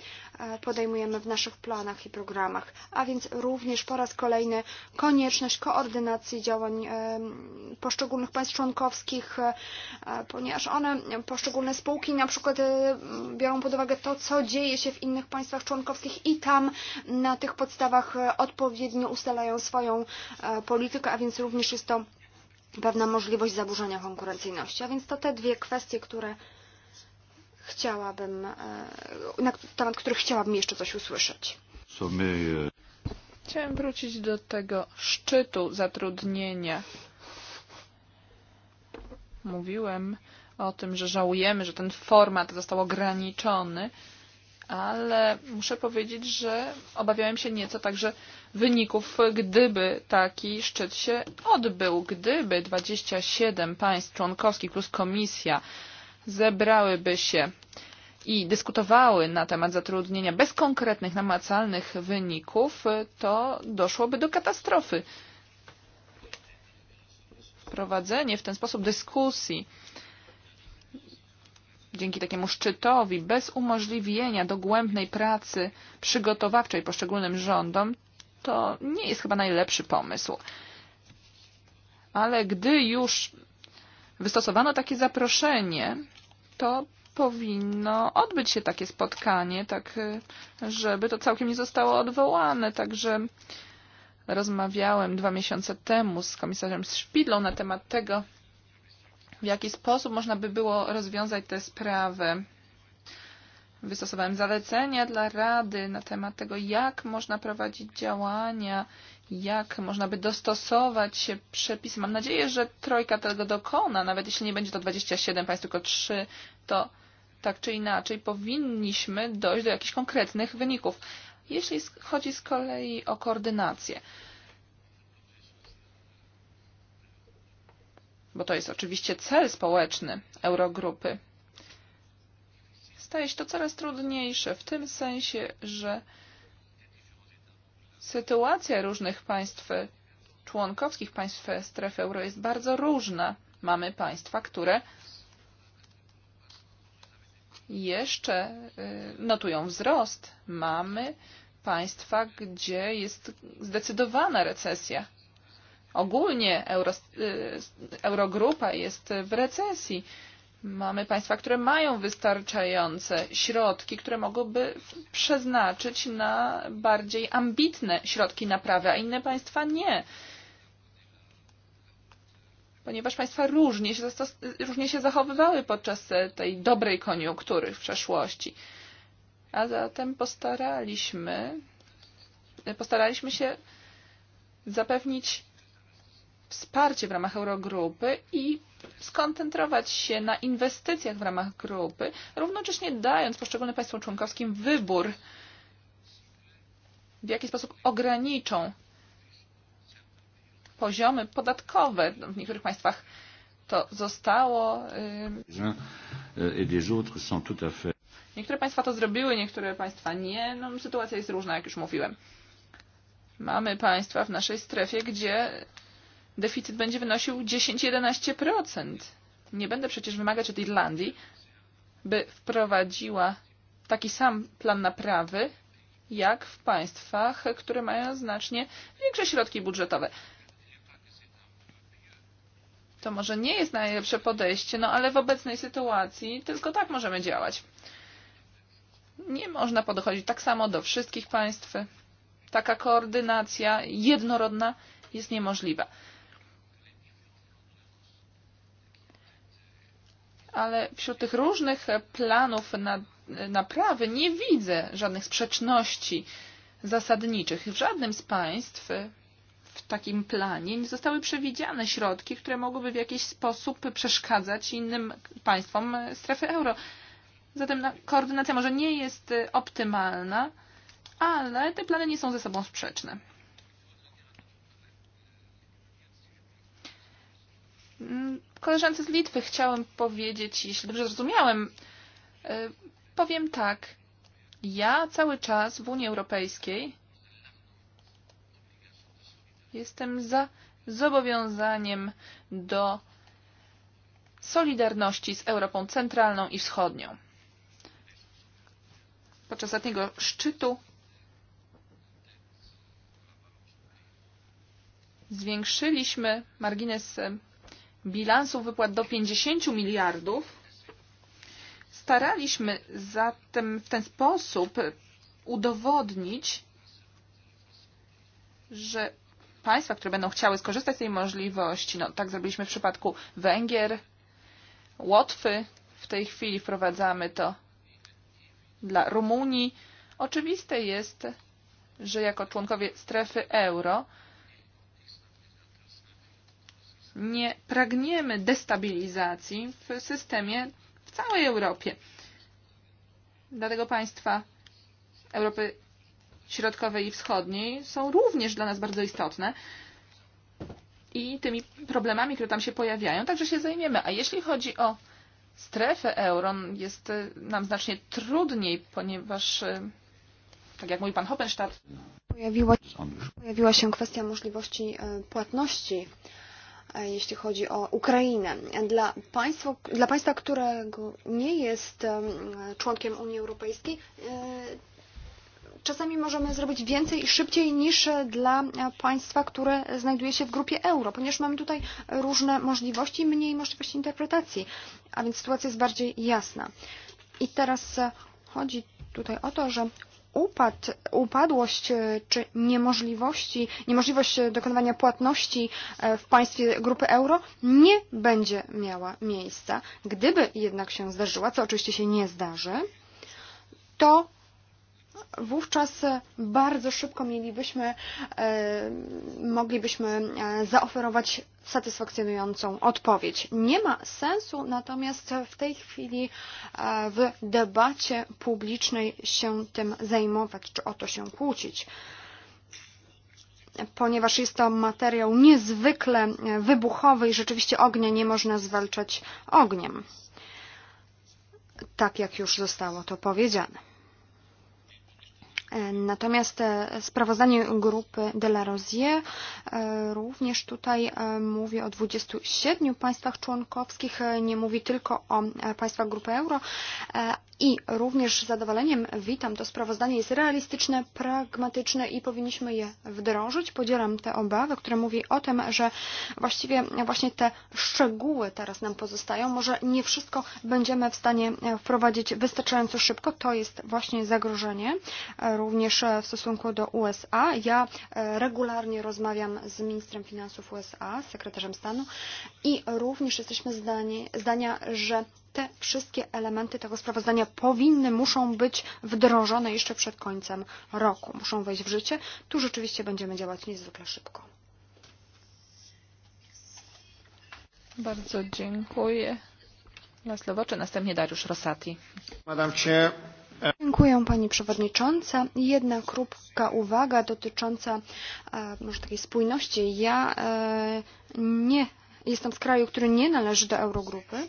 podejmujemy w naszych planach i programach, a więc również po raz kolejny konieczność koordynacji działań e, poszczególnych państw członkowskich, e, ponieważ one, poszczególne spółki na przykład biorą pod uwagę to, co dzieje się w innych państwach członkowskich i tam na tych podstawach odpowiednio ustalają swoją politykę, a więc również jest to pewna możliwość zaburzenia konkurencyjności. A więc to te dwie kwestie, które chciałabym, e, na temat których chciałabym jeszcze coś usłyszeć. Co my... E, Chciałem wrócić do tego szczytu zatrudnienia. Mówiłem o tym, że żałujemy, że ten format został ograniczony ale muszę powiedzieć, że obawiałem się nieco także wyników, gdyby taki szczyt się odbył, gdyby 27 państw członkowskich plus komisja zebrałyby się i dyskutowały na temat zatrudnienia bez konkretnych, namacalnych wyników, to doszłoby do katastrofy. Wprowadzenie w ten sposób dyskusji dzięki takiemu szczytowi, bez umożliwienia dogłębnej pracy przygotowawczej poszczególnym rządom, to nie jest chyba najlepszy pomysł. Ale gdy już wystosowano takie zaproszenie, to powinno odbyć się takie spotkanie, tak żeby to całkiem nie zostało odwołane. Także rozmawiałem dwa miesiące temu z komisarzem Szpidlą na temat tego, w jaki sposób można by było rozwiązać te sprawy. Wystosowałem zalecenia dla Rady na temat tego, jak można prowadzić działania, jak można by dostosować się przepisy. Mam nadzieję, że Trojka tego dokona, nawet jeśli nie będzie to 27 państw, tylko 3, to tak czy inaczej powinniśmy dojść do jakichś konkretnych wyników. Jeśli chodzi z kolei o koordynację, bo to jest oczywiście cel społeczny Eurogrupy, staje się to coraz trudniejsze w tym sensie, że sytuacja różnych państw członkowskich, państw strefy euro jest bardzo różna. Mamy państwa, które jeszcze notują wzrost. Mamy państwa, gdzie jest zdecydowana recesja. Ogólnie Euro, e, Eurogrupa jest w recesji. Mamy państwa, które mają wystarczające środki, które mogłyby przeznaczyć na bardziej ambitne środki naprawy, a inne państwa nie. Ponieważ państwa różnie się, różnie się zachowywały podczas tej dobrej koniunktury w przeszłości. A zatem postaraliśmy, postaraliśmy się zapewnić wsparcie w ramach Eurogrupy i skoncentrować się na inwestycjach w ramach grupy, równocześnie dając poszczególnym państwom członkowskim wybór, w jaki sposób ograniczą poziomy podatkowe. W niektórych państwach to zostało. Niektóre państwa to zrobiły, niektóre państwa nie. No, sytuacja jest różna, jak już mówiłem. Mamy państwa w naszej strefie, gdzie deficyt będzie wynosił 10-11%. Nie będę przecież wymagać od Irlandii, by wprowadziła taki sam plan naprawy, jak w państwach, które mają znacznie większe środki budżetowe. To może nie jest najlepsze podejście, no ale w obecnej sytuacji tylko tak możemy działać. Nie można podchodzić tak samo do wszystkich państw. Taka koordynacja jednorodna jest niemożliwa. ale wśród tych różnych planów na, naprawy nie widzę żadnych sprzeczności zasadniczych. W żadnym z państw w takim planie nie zostały przewidziane środki, które mogłyby w jakiś sposób przeszkadzać innym państwom strefy euro. Zatem koordynacja może nie jest optymalna, ale te plany nie są ze sobą sprzeczne. Mm, Koleżance z Litwy chciałem powiedzieć, jeśli dobrze zrozumiałem, e, powiem tak. Ja cały czas w Unii Europejskiej jestem za zobowiązaniem do solidarności z Europą Centralną i Wschodnią. Podczas ostatniego szczytu zwiększyliśmy margines e, bilansów wypłat do 50 miliardów. Staraliśmy zatem w ten sposób udowodnić, że państwa, które będą chciały skorzystać z tej możliwości, no tak zrobiliśmy w przypadku Węgier, Łotwy, w tej chwili wprowadzamy to dla Rumunii. Oczywiste jest, że jako członkowie strefy euro Nie pragniemy destabilizacji w systemie w całej Europie. Dlatego państwa Europy Środkowej i Wschodniej są również dla nas bardzo istotne i tymi problemami, które tam się pojawiają, także się zajmiemy. A jeśli chodzi o strefę euro, jest nam znacznie trudniej, ponieważ, tak jak mówi pan Hoppenstadt, pojawiła, pojawiła się kwestia możliwości płatności E, jeśli chodzi o Ukrainę. Dla, państwo, dla państwa, którego nie jest członkiem Unii Europejskiej, e, czasami możemy zrobić więcej i szybciej niż dla państwa, które znajduje się w grupie euro, ponieważ mamy tutaj różne możliwości, mniej możliwości interpretacji, a więc sytuacja jest bardziej jasna. I teraz chodzi tutaj o to, że upad, upadłość e, czy niemożliwości, niemożliwość e, dokonywania płatności e, w państwie grupy euro nie będzie miała miejsca. Gdyby jednak się zdarzyła, co oczywiście się nie zdarzy, to wówczas bardzo szybko mielibyśmy, e, moglibyśmy e, zaoferować satysfakcjonującą odpowiedź. Nie ma sensu natomiast w tej chwili e, w debacie publicznej się tym zajmować czy o to się kłócić ponieważ jest to materiał niezwykle wybuchowy i rzeczywiście ognia nie można zwalczać ogniem. Tak jak już zostało to powiedziane. Natomiast e, sprawozdanie grupy de la Rosier e, również tutaj e, mówi o 27 państwach członkowskich, nie mówi tylko o państwach grupy euro i również z zadowoleniem witam to sprawozdanie. Jest realistyczne, pragmatyczne i powinniśmy je wdrożyć. Podzielam te obawy, które mówi o tym, że właściwie właśnie te szczegóły teraz nam pozostają. Może nie wszystko będziemy w stanie wprowadzić wystarczająco szybko. To jest właśnie zagrożenie również e, w stosunku do USA. Ja e, regularnie rozmawiam z ministrem finansów USA, z sekretarzem stanu i również jesteśmy zdanie, zdania, że te wszystkie elementy tego sprawozdania powinny, muszą być wdrożone jeszcze przed końcem roku. Muszą wejść w życie. Tu rzeczywiście będziemy działać niezwykle szybko. Bardzo dziękuję. Laszlo Woczy, następnie Dariusz Rosati. Madam Chair, Dziękuję Pani Przewodnicząca. Jedna krótka uwaga dotycząca e, może takiej spójności. Ja e, nie jestem z kraju, który nie należy do Eurogrupy. E,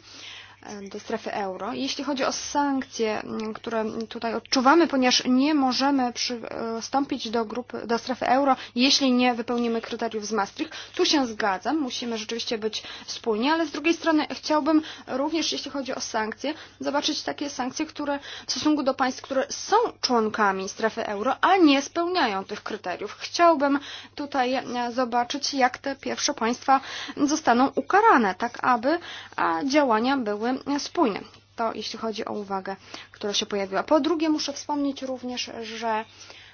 do strefy euro. Jeśli chodzi o sankcje, które tutaj odczuwamy, ponieważ nie możemy przystąpić do, grupy, do strefy euro, jeśli nie wypełnimy kryteriów z Maastricht, tu się zgadzam, musimy rzeczywiście być wspólni, ale z drugiej strony chciałbym również, jeśli chodzi o sankcje, zobaczyć takie sankcje, które w stosunku do państw, które są członkami strefy euro, a nie spełniają tych kryteriów. Chciałbym tutaj e, zobaczyć, jak te pierwsze państwa zostaną ukarane, tak aby działania były one spójne. To jeśli chodzi o uwagę, która się pojawiła. Po drugie, muszę wspomnieć również, że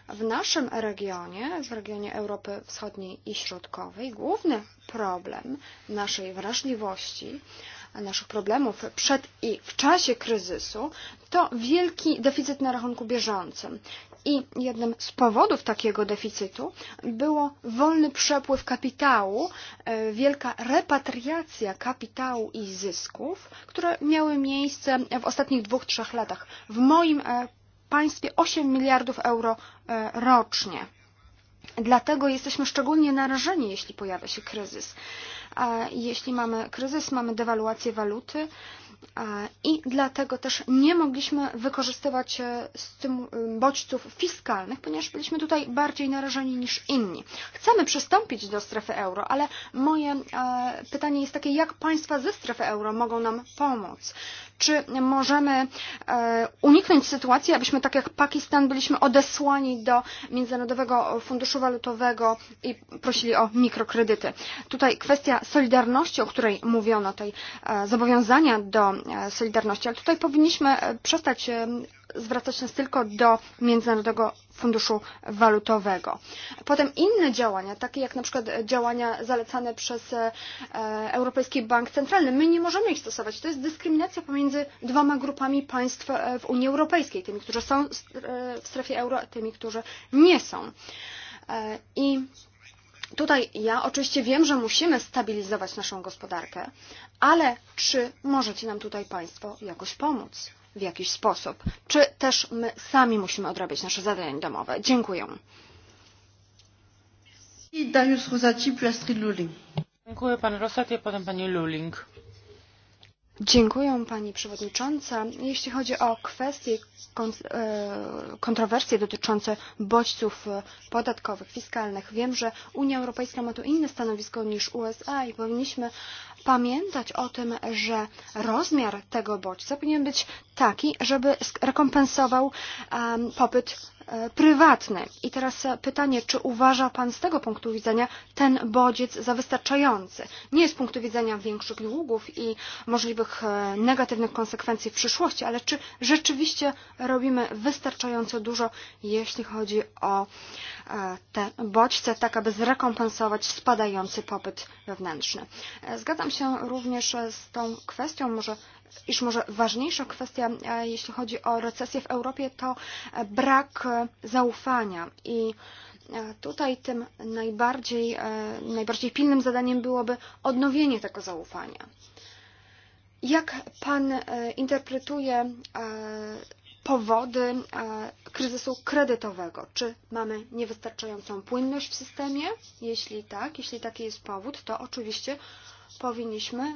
w naszym regionie, w regionie Europy Wschodniej i Środkowej, główny problem naszej wrażliwości, naszych problemów przed i w czasie kryzysu to wielki deficyt na rachunku bieżącym. I jednym z powodów takiego deficytu było wolny przepływ kapitału, e, wielka repatriacja kapitału i zysków, które miały miejsce w ostatnich dwóch, trzech latach. W moim e, państwie 8 miliardów euro e, rocznie. Dlatego jesteśmy szczególnie narażeni, jeśli pojawia się kryzys. A jeśli mamy kryzys, mamy dewaluację waluty, I dlatego też nie mogliśmy wykorzystywać e, e, bodźców fiskalnych, ponieważ byliśmy tutaj bardziej narażeni niż inni. Chcemy przystąpić do strefy euro, ale moje e, pytanie jest takie, jak państwa ze strefy euro mogą nam pomóc? Czy możemy uniknąć sytuacji, abyśmy tak jak Pakistan byliśmy odesłani do Międzynarodowego Funduszu Walutowego i prosili o mikrokredyty? Tutaj kwestia solidarności, o której mówiono, tej zobowiązania do Solidarności, ale tutaj powinniśmy e, przestać e, zwracać nas tylko do Międzynarodowego Funduszu Walutowego. Potem inne działania, takie jak na przykład działania zalecane przez e, Europejski Bank Centralny, my nie możemy ich stosować. To jest dyskryminacja pomiędzy dwoma grupami państw w Unii Europejskiej, tymi, którzy są w strefie euro, a tymi, którzy nie są. I Tutaj ja oczywiście wiem, że musimy stabilizować naszą gospodarkę, ale czy możecie nam tutaj Państwo jakoś pomóc w jakiś sposób? Czy też my sami musimy odrabiać nasze zadania domowe? Dziękuję. Dariusz Rosati, Astrid Luling. Dziękuję pan Rosati, a potem pani Luling. Dziękuję Pani Przewodnicząca. Jeśli chodzi o kwestie, e, kontrowersje dotyczące bodźców e, podatkowych, fiskalnych, wiem, że Unia Europejska ma tu inne stanowisko niż USA i powinniśmy pamiętać o tym, że rozmiar tego bodźca powinien być taki, żeby rekompensował popyt prywatny. I teraz e, pytanie, czy uważa Pan z tego punktu widzenia ten bodziec za wystarczający? Nie z punktu widzenia większych długów i możliwych e, negatywnych konsekwencji w przyszłości, ale czy rzeczywiście robimy wystarczająco dużo, jeśli chodzi o e, te bodźce, tak aby zrekompensować spadający popyt wewnętrzny. Zgadzam się również z tą kwestią, może iż może ważniejsza kwestia, e, jeśli chodzi o recesję w Europie, to e, brak e, zaufania i tutaj tym najbardziej, najbardziej pilnym zadaniem byłoby odnowienie tego zaufania. Jak Pan interpretuje powody kryzysu kredytowego? Czy mamy niewystarczającą płynność w systemie? Jeśli tak, jeśli taki jest powód, to oczywiście powinniśmy e,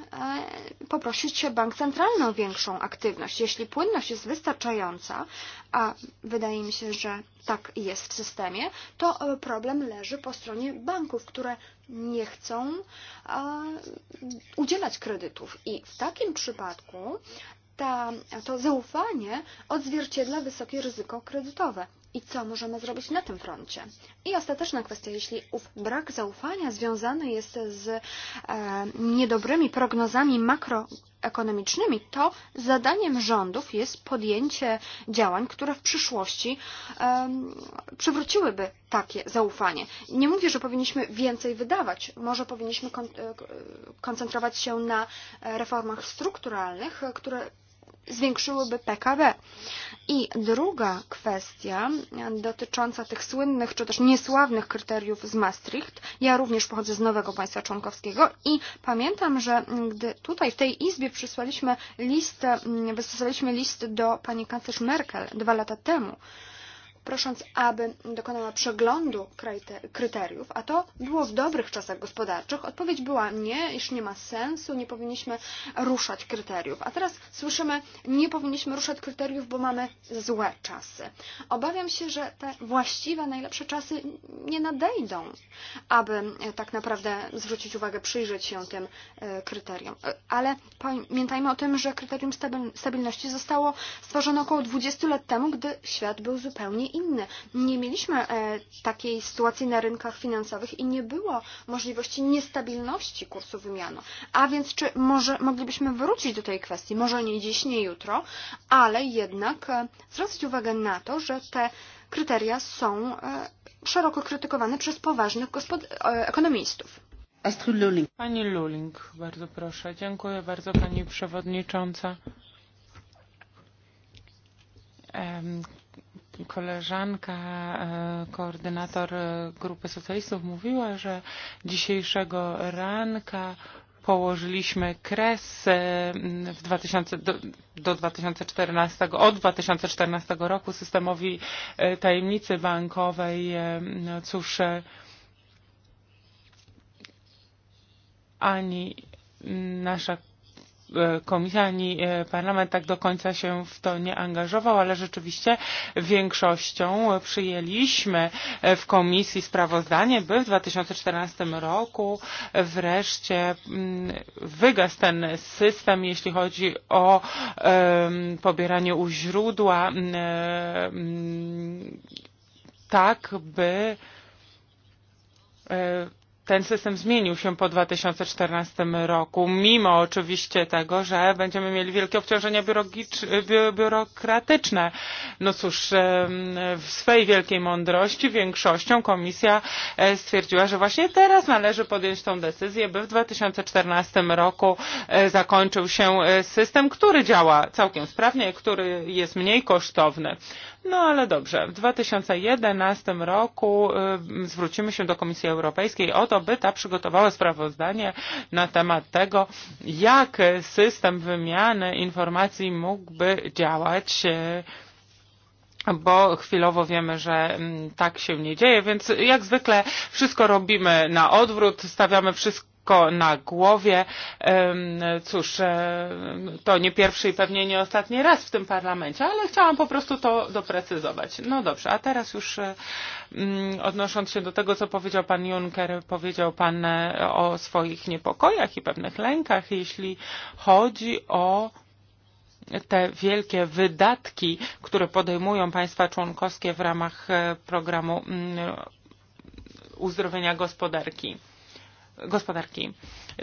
poprosić się bank centralny o większą aktywność. Jeśli płynność jest wystarczająca, a wydaje mi się, że tak jest w systemie, to e, problem leży po stronie banków, które nie chcą e, udzielać kredytów. I w takim przypadku ta, to zaufanie odzwierciedla wysokie ryzyko kredytowe i co możemy zrobić na tym froncie. I ostateczna kwestia, jeśli ów brak zaufania związany jest z e, niedobrymi prognozami makroekonomicznymi, to zadaniem rządów jest podjęcie działań, które w przyszłości e, przywróciłyby takie zaufanie. Nie mówię, że powinniśmy więcej wydawać. Może powinniśmy kon e, koncentrować się na e, reformach strukturalnych, które zwiększyłyby PKB. I druga kwestia dotycząca tych słynnych czy też niesławnych kryteriów z Maastricht. Ja również pochodzę z nowego państwa członkowskiego i pamiętam, że gdy tutaj w tej izbie przysłaliśmy list, mm, wystosowaliśmy list do pani kanclerz Merkel dwa lata temu, prosząc, aby dokonała przeglądu kryteriów, a to było w dobrych czasach gospodarczych, odpowiedź była nie, iż nie ma sensu, nie powinniśmy ruszać kryteriów. A teraz słyszymy, nie powinniśmy ruszać kryteriów, bo mamy złe czasy. Obawiam się, że te właściwe, najlepsze czasy nie nadejdą, aby tak naprawdę zwrócić uwagę, przyjrzeć się tym e, kryterium. E, ale pamiętajmy o tym, że kryterium stabilności zostało stworzone około 20 lat temu, gdy świat był zupełnie inne. Nie mieliśmy e, takiej sytuacji na rynkach finansowych i nie było możliwości niestabilności kursu wymiany. A więc czy może moglibyśmy wrócić do tej kwestii? Może nie dziś, nie jutro, ale jednak e, zwrócić uwagę na to, że te kryteria są e, szeroko krytykowane przez poważnych ekonomistów. Astrid Luling. Pani Luling, bardzo proszę. Dziękuję bardzo Pani Przewodnicząca koleżanka, koordynator e, e, Grupy Socjalistów mówiła, że dzisiejszego ranka położyliśmy kres e, w 2000, do, do 2014, od 2014 roku systemowi tajemnicy bankowej. Cóż, ani nasza E, komisja ani e, parlament tak do końca się w to nie angażował, ale rzeczywiście większością przyjęliśmy e, w komisji sprawozdanie, by w 2014 roku wreszcie mm, wygasł ten system, jeśli chodzi o pobieranie u źródła tak, by ten system zmienił się po 2014 roku, mimo oczywiście tego, że będziemy mieli wielkie obciążenia biurokratyczne. No cóż, w swej wielkiej mądrości większością komisja e, stwierdziła, że właśnie teraz należy podjąć tą decyzję, by w 2014 roku e, zakończył się e, system, który działa całkiem sprawnie, który jest mniej kosztowny. No ale dobrze, w 2011 roku e, zwrócimy się do Komisji Europejskiej o to, by ta przygotowała sprawozdanie na temat tego, jak system wymiany informacji mógłby działać e, bo chwilowo wiemy, że mm, tak się nie dzieje, więc jak zwykle wszystko robimy na odwrót, stawiamy wszystko na głowie. Cóż, e, to nie pierwszy i pewnie nie ostatni raz w tym parlamencie, ale chciałam po prostu to doprecyzować. No dobrze, a teraz już e, mm, odnosząc się do tego, co powiedział pan Juncker, powiedział pan e, o swoich niepokojach i pewnych lękach, jeśli chodzi o te wielkie wydatki, które podejmują państwa członkowskie w ramach programu mm, uzdrowienia gospodarki gospodarki.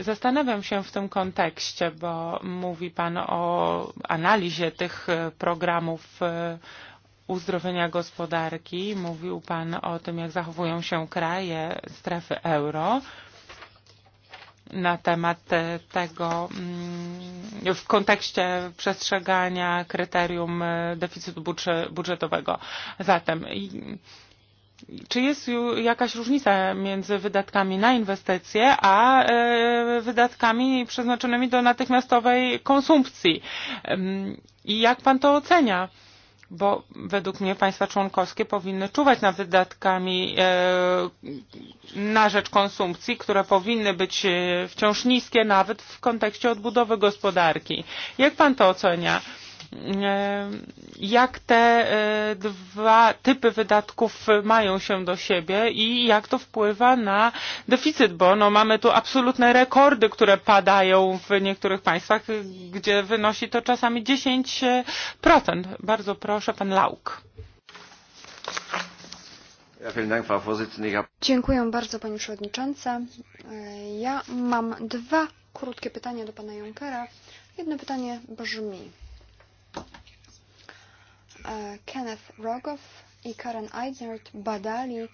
Zastanawiam się w tym kontekście, bo mówi Pan o analizie tych e, programów e, uzdrowienia gospodarki, mówił Pan o tym, jak zachowują się kraje strefy euro na temat e, tego mm, w kontekście przestrzegania kryterium deficytu budżetowego. Zatem czy jest jakaś różnica między wydatkami na inwestycje a e, wydatkami przeznaczonymi do natychmiastowej konsumpcji? I jak pan to ocenia? Bo według mnie państwa członkowskie powinny czuwać nad wydatkami e, na rzecz konsumpcji, które powinny być e, wciąż niskie nawet w kontekście odbudowy gospodarki. Jak pan to ocenia? E, jak te e, dwa typy wydatków mają się do siebie i jak to wpływa na deficyt, bo no mamy tu absolutne rekordy, które padają w niektórych państwach, gdzie wynosi to czasami 10%. Bardzo proszę, pan Lauk. Dziękuję bardzo Pani Przewodnicząca. E, ja mam dwa krótkie pytania do Pana Junckera. Jedno pytanie brzmi. Uh, Kenneth Rogoff i Karen Eidnert badali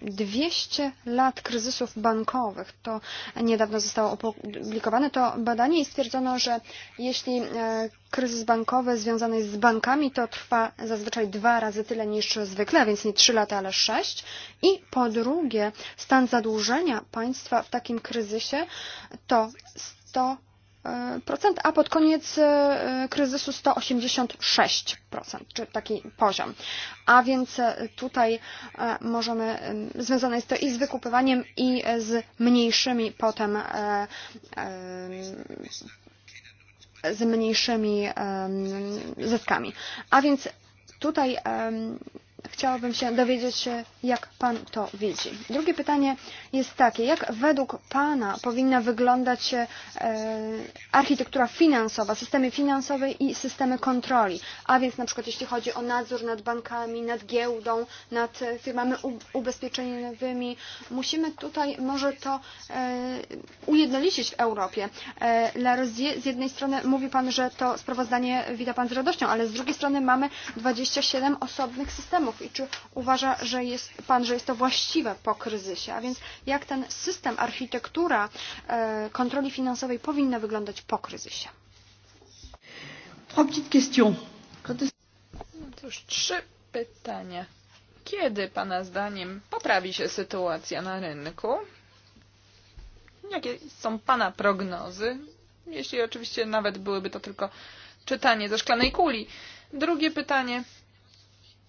200 mm, lat kryzysów bankowych. To niedawno zostało opublikowane. To badanie i stwierdzono, że jeśli e, kryzys bankowy związany jest z bankami, to trwa zazwyczaj dwa razy tyle niż zwykle, a więc nie trzy lata, ale sześć. I po drugie, stan zadłużenia państwa w takim kryzysie to 100 a pod koniec e, kryzysu 186%, czy taki poziom. A więc e, tutaj e, możemy, związane jest to i z wykupywaniem, i z mniejszymi potem z mniejszymi zyskami. A więc tutaj chciałabym się dowiedzieć, e, jak Pan to widzi. Drugie pytanie jest takie, jak według Pana powinna wyglądać e, architektura finansowa, systemy finansowe i systemy kontroli, a więc na przykład jeśli chodzi o nadzór nad bankami, nad giełdą, nad e, firmami ubezpieczeniowymi, musimy tutaj może to ujednolicić w Europie. La Rosier, z jednej strony mówi Pan, że to sprawozdanie wita Pan z radością, ale z drugiej strony mamy 27 osobnych systemów i czy uważa że jest Pan, że jest to właściwe po kryzysie? A więc jak ten system, architektura e, kontroli finansowej powinna wyglądać po kryzysie? Otóż trzy pytania. Kiedy Pana zdaniem poprawi się sytuacja na rynku? Jakie są Pana prognozy? Jeśli oczywiście nawet byłyby to tylko czytanie ze szklanej kuli. Drugie pytanie.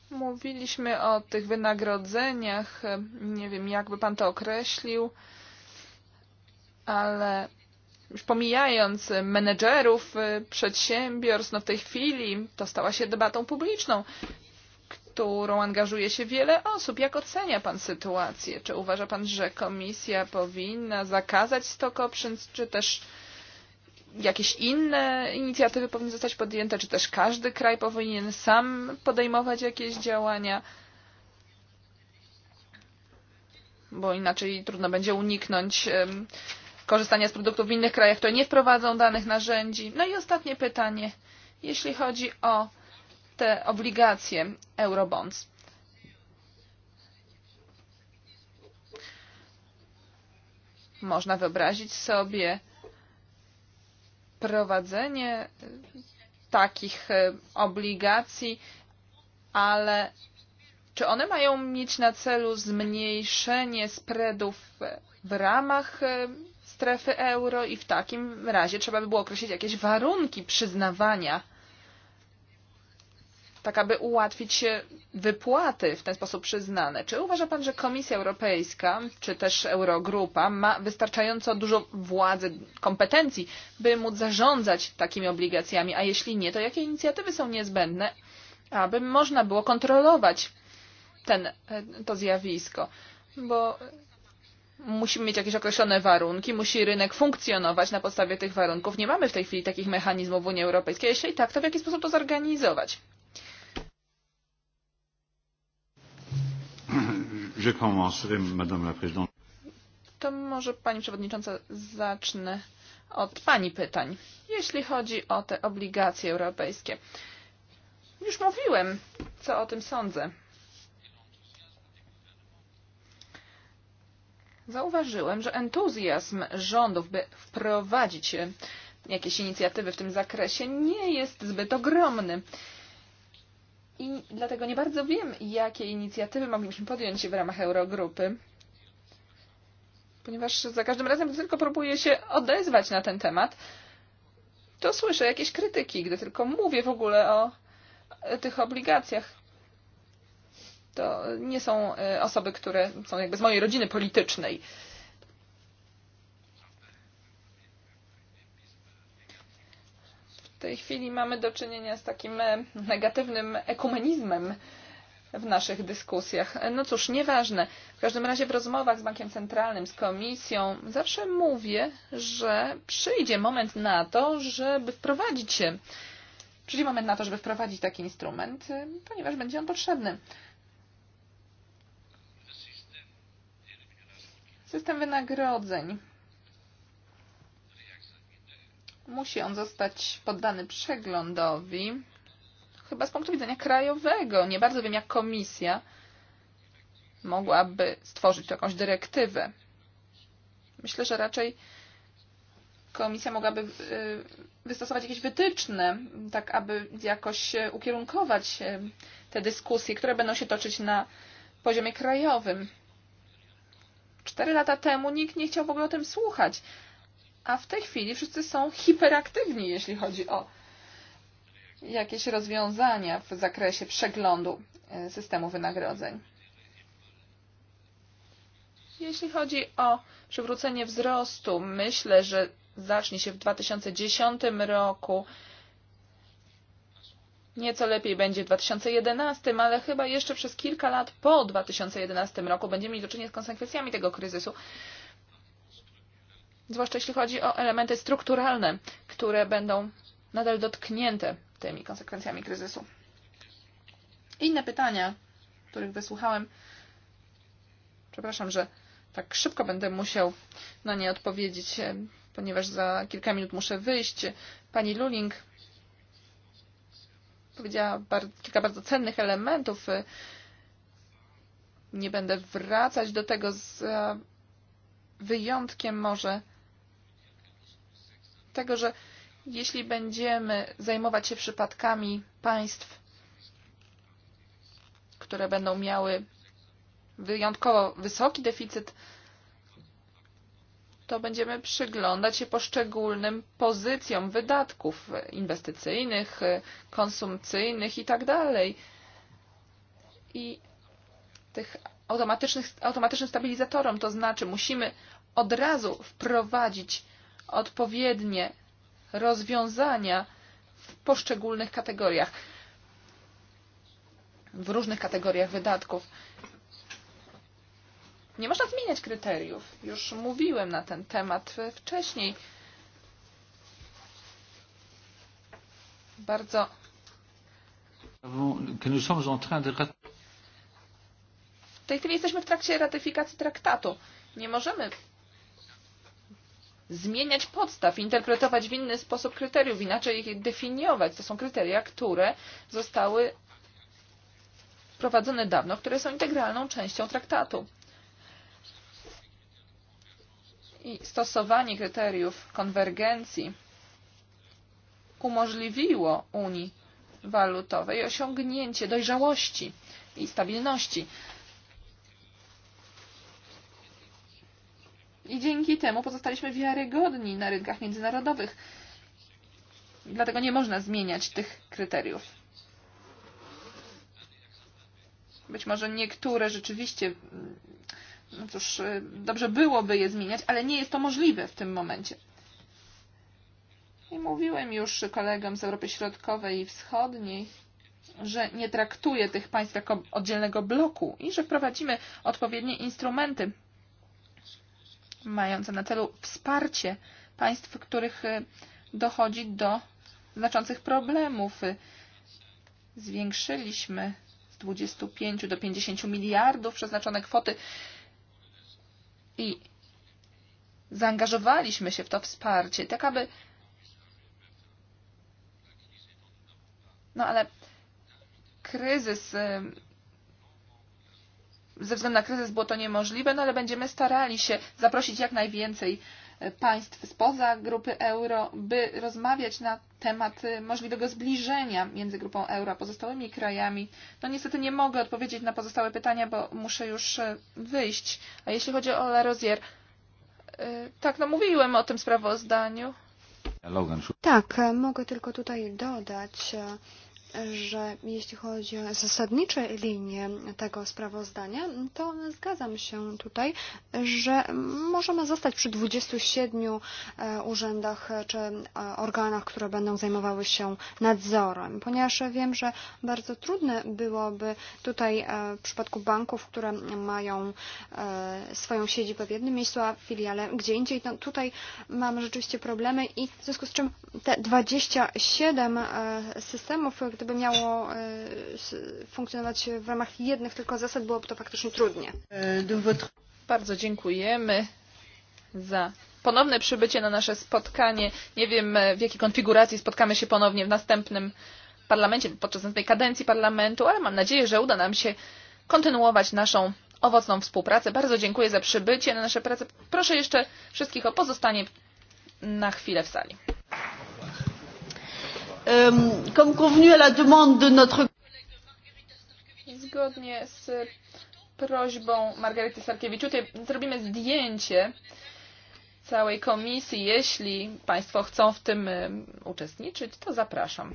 Mówiliśmy o tych wynagrodzeniach, nie wiem jakby Pan to określił, ale już pomijając menedżerów przedsiębiorstw, no w tej chwili to stała się debatą publiczną, którą angażuje się wiele osób. Jak ocenia Pan sytuację? Czy uważa Pan, że komisja powinna zakazać stok options, czy też jakieś inne inicjatywy powinny zostać podjęte, czy też każdy kraj powinien sam podejmować jakieś działania, bo inaczej trudno będzie uniknąć korzystania z produktów w innych krajach, które nie wprowadzą danych narzędzi. No i ostatnie pytanie, jeśli chodzi o te obligacje Eurobonds. Można wyobrazić sobie prowadzenie e, takich e, obligacji, ale czy one mają mieć na celu zmniejszenie spreadów e, w ramach strefy euro i w takim razie trzeba by było określić jakieś warunki przyznawania tak aby ułatwić wypłaty w ten sposób przyznane. Czy uważa Pan, że Komisja Europejska, czy też Eurogrupa ma wystarczająco dużo władzy, kompetencji, by móc zarządzać takimi obligacjami, a jeśli nie, to jakie inicjatywy są niezbędne, aby można było kontrolować ten, e, to zjawisko? Bo musimy mieć jakieś określone warunki, musi rynek funkcjonować na podstawie tych warunków. Nie mamy w tej chwili takich mechanizmów w Unii Europejskiej. Jeśli tak, to w jaki sposób to zorganizować? Je commencerai, Madame la Présidente. To może Pani Przewodnicząca zacznę od Pani pytań, jeśli chodzi o te obligacje europejskie. Już mówiłem, co o tym sądzę. Zauważyłem, że entuzjazm rządów, by wprowadzić jakieś inicjatywy w tym zakresie, nie jest zbyt ogromny. I dlatego nie bardzo wiem, jakie inicjatywy moglibyśmy podjąć w ramach Eurogrupy, ponieważ za każdym razem, gdy tylko próbuję się odezwać na ten temat, to słyszę jakieś krytyki, gdy tylko mówię w ogóle o tych obligacjach. To nie są e, osoby, które są jakby z mojej rodziny politycznej. Yy, tej chwili mamy do czynienia z takim e, negatywnym ekumenizmem w naszych dyskusjach. E, no cóż, nieważne. W każdym razie w rozmowach z Bankiem Centralnym, z Komisją zawsze mówię, że przyjdzie moment na to, żeby wprowadzić się. Przyjdzie moment na to, żeby wprowadzić taki instrument, e, ponieważ będzie on potrzebny. System wynagrodzeń musi on zostać poddany przeglądowi, chyba z punktu widzenia krajowego. Nie bardzo wiem, jak komisja mogłaby stworzyć jakąś dyrektywę. Myślę, że raczej komisja mogłaby wystosować jakieś wytyczne, tak aby jakoś ukierunkować te dyskusje, które będą się toczyć na poziomie krajowym. Cztery lata temu nikt nie chciał w ogóle o tym słuchać a w tej chwili wszyscy są hiperaktywni, jeśli chodzi o jakieś rozwiązania w zakresie przeglądu e, systemu wynagrodzeń. Jeśli chodzi o przywrócenie wzrostu, myślę, że zacznie się w 2010 roku. Nieco lepiej będzie w 2011, ale chyba jeszcze przez kilka lat po 2011 roku będziemy mieli do czynienia z konsekwencjami tego kryzysu zwłaszcza jeśli chodzi o elementy strukturalne, które będą nadal dotknięte tymi konsekwencjami kryzysu. Inne pytania, których wysłuchałem, przepraszam, że tak szybko będę musiał na nie odpowiedzieć, e, ponieważ za kilka minut muszę wyjść. Pani Luling powiedziała bardzo, kilka bardzo cennych elementów. E, nie będę wracać do tego z e, wyjątkiem może tego, że jeśli będziemy zajmować się przypadkami państw, które będą miały wyjątkowo wysoki deficyt, to będziemy przyglądać się poszczególnym pozycjom wydatków inwestycyjnych, konsumpcyjnych itd. I tych automatycznych, automatycznym stabilizatorom, to znaczy musimy od razu wprowadzić odpowiednie rozwiązania w poszczególnych kategoriach, w różnych kategoriach wydatków. Nie można zmieniać kryteriów. Już mówiłem na ten temat wcześniej. Bardzo. W tej chwili jesteśmy w trakcie ratyfikacji traktatu. Nie możemy zmieniać podstaw, interpretować w inny sposób kryteriów, inaczej ich definiować. To są kryteria, które zostały wprowadzone dawno, które są integralną częścią traktatu. I stosowanie kryteriów konwergencji umożliwiło Unii Walutowej osiągnięcie dojrzałości i stabilności. i dzięki temu pozostaliśmy wiarygodni na rynkach międzynarodowych. Dlatego nie można zmieniać tych kryteriów. Być może niektóre rzeczywiście, mm, no cóż, dobrze byłoby je zmieniać, ale nie jest to możliwe w tym momencie. I mówiłem już kolegom z Europy Środkowej i Wschodniej, że nie traktuje tych państw jako oddzielnego bloku i że wprowadzimy odpowiednie instrumenty mająca na celu wsparcie państw, w których e, dochodzi do znaczących problemów. Zwiększyliśmy z 25 do 50 miliardów przeznaczone kwoty i zaangażowaliśmy się w to wsparcie, tak aby. No ale kryzys e, ze względu na kryzys było to niemożliwe, no ale będziemy starali się zaprosić jak najwięcej e, państw spoza grupy euro, by rozmawiać na temat e, możliwego zbliżenia między grupą euro a pozostałymi krajami. No niestety nie mogę odpowiedzieć na pozostałe pytania, bo muszę już e, wyjść. A jeśli chodzi o La Rozier, tak, no mówiłem o tym sprawozdaniu. Tak, mogę tylko tutaj dodać, że jeśli chodzi o zasadnicze linie tego sprawozdania, to zgadzam się tutaj, że możemy zostać przy 27 e, urzędach e, czy e, organach, które będą zajmowały się nadzorem, ponieważ wiem, że bardzo trudne byłoby tutaj w przypadku banków, które mają swoją siedzibę w jednym miejscu, a filiale gdzie indziej. No tutaj mamy rzeczywiście problemy i w związku z czym te 27 systemów, gdyby miało e, funkcjonować w ramach jednych tylko zasad, byłoby to faktycznie trudnie. Bardzo dziękujemy za ponowne przybycie na nasze spotkanie. Nie wiem, e, w jakiej konfiguracji spotkamy się ponownie w następnym parlamencie, podczas następnej kadencji parlamentu, ale mam nadzieję, że uda nam się kontynuować naszą owocną współpracę. Bardzo dziękuję za przybycie na nasze prace. Proszę jeszcze wszystkich o pozostanie na chwilę w sali. Euh, comme convenu à la demande de notre Zgodnie z prośbą Margarety Sarkiewiczuty zrobimy zdjęcie całej komisji. Jeśli Państwo chcą w tym e, uczestniczyć, to zapraszam.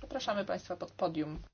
Zapraszamy Państwa pod podium.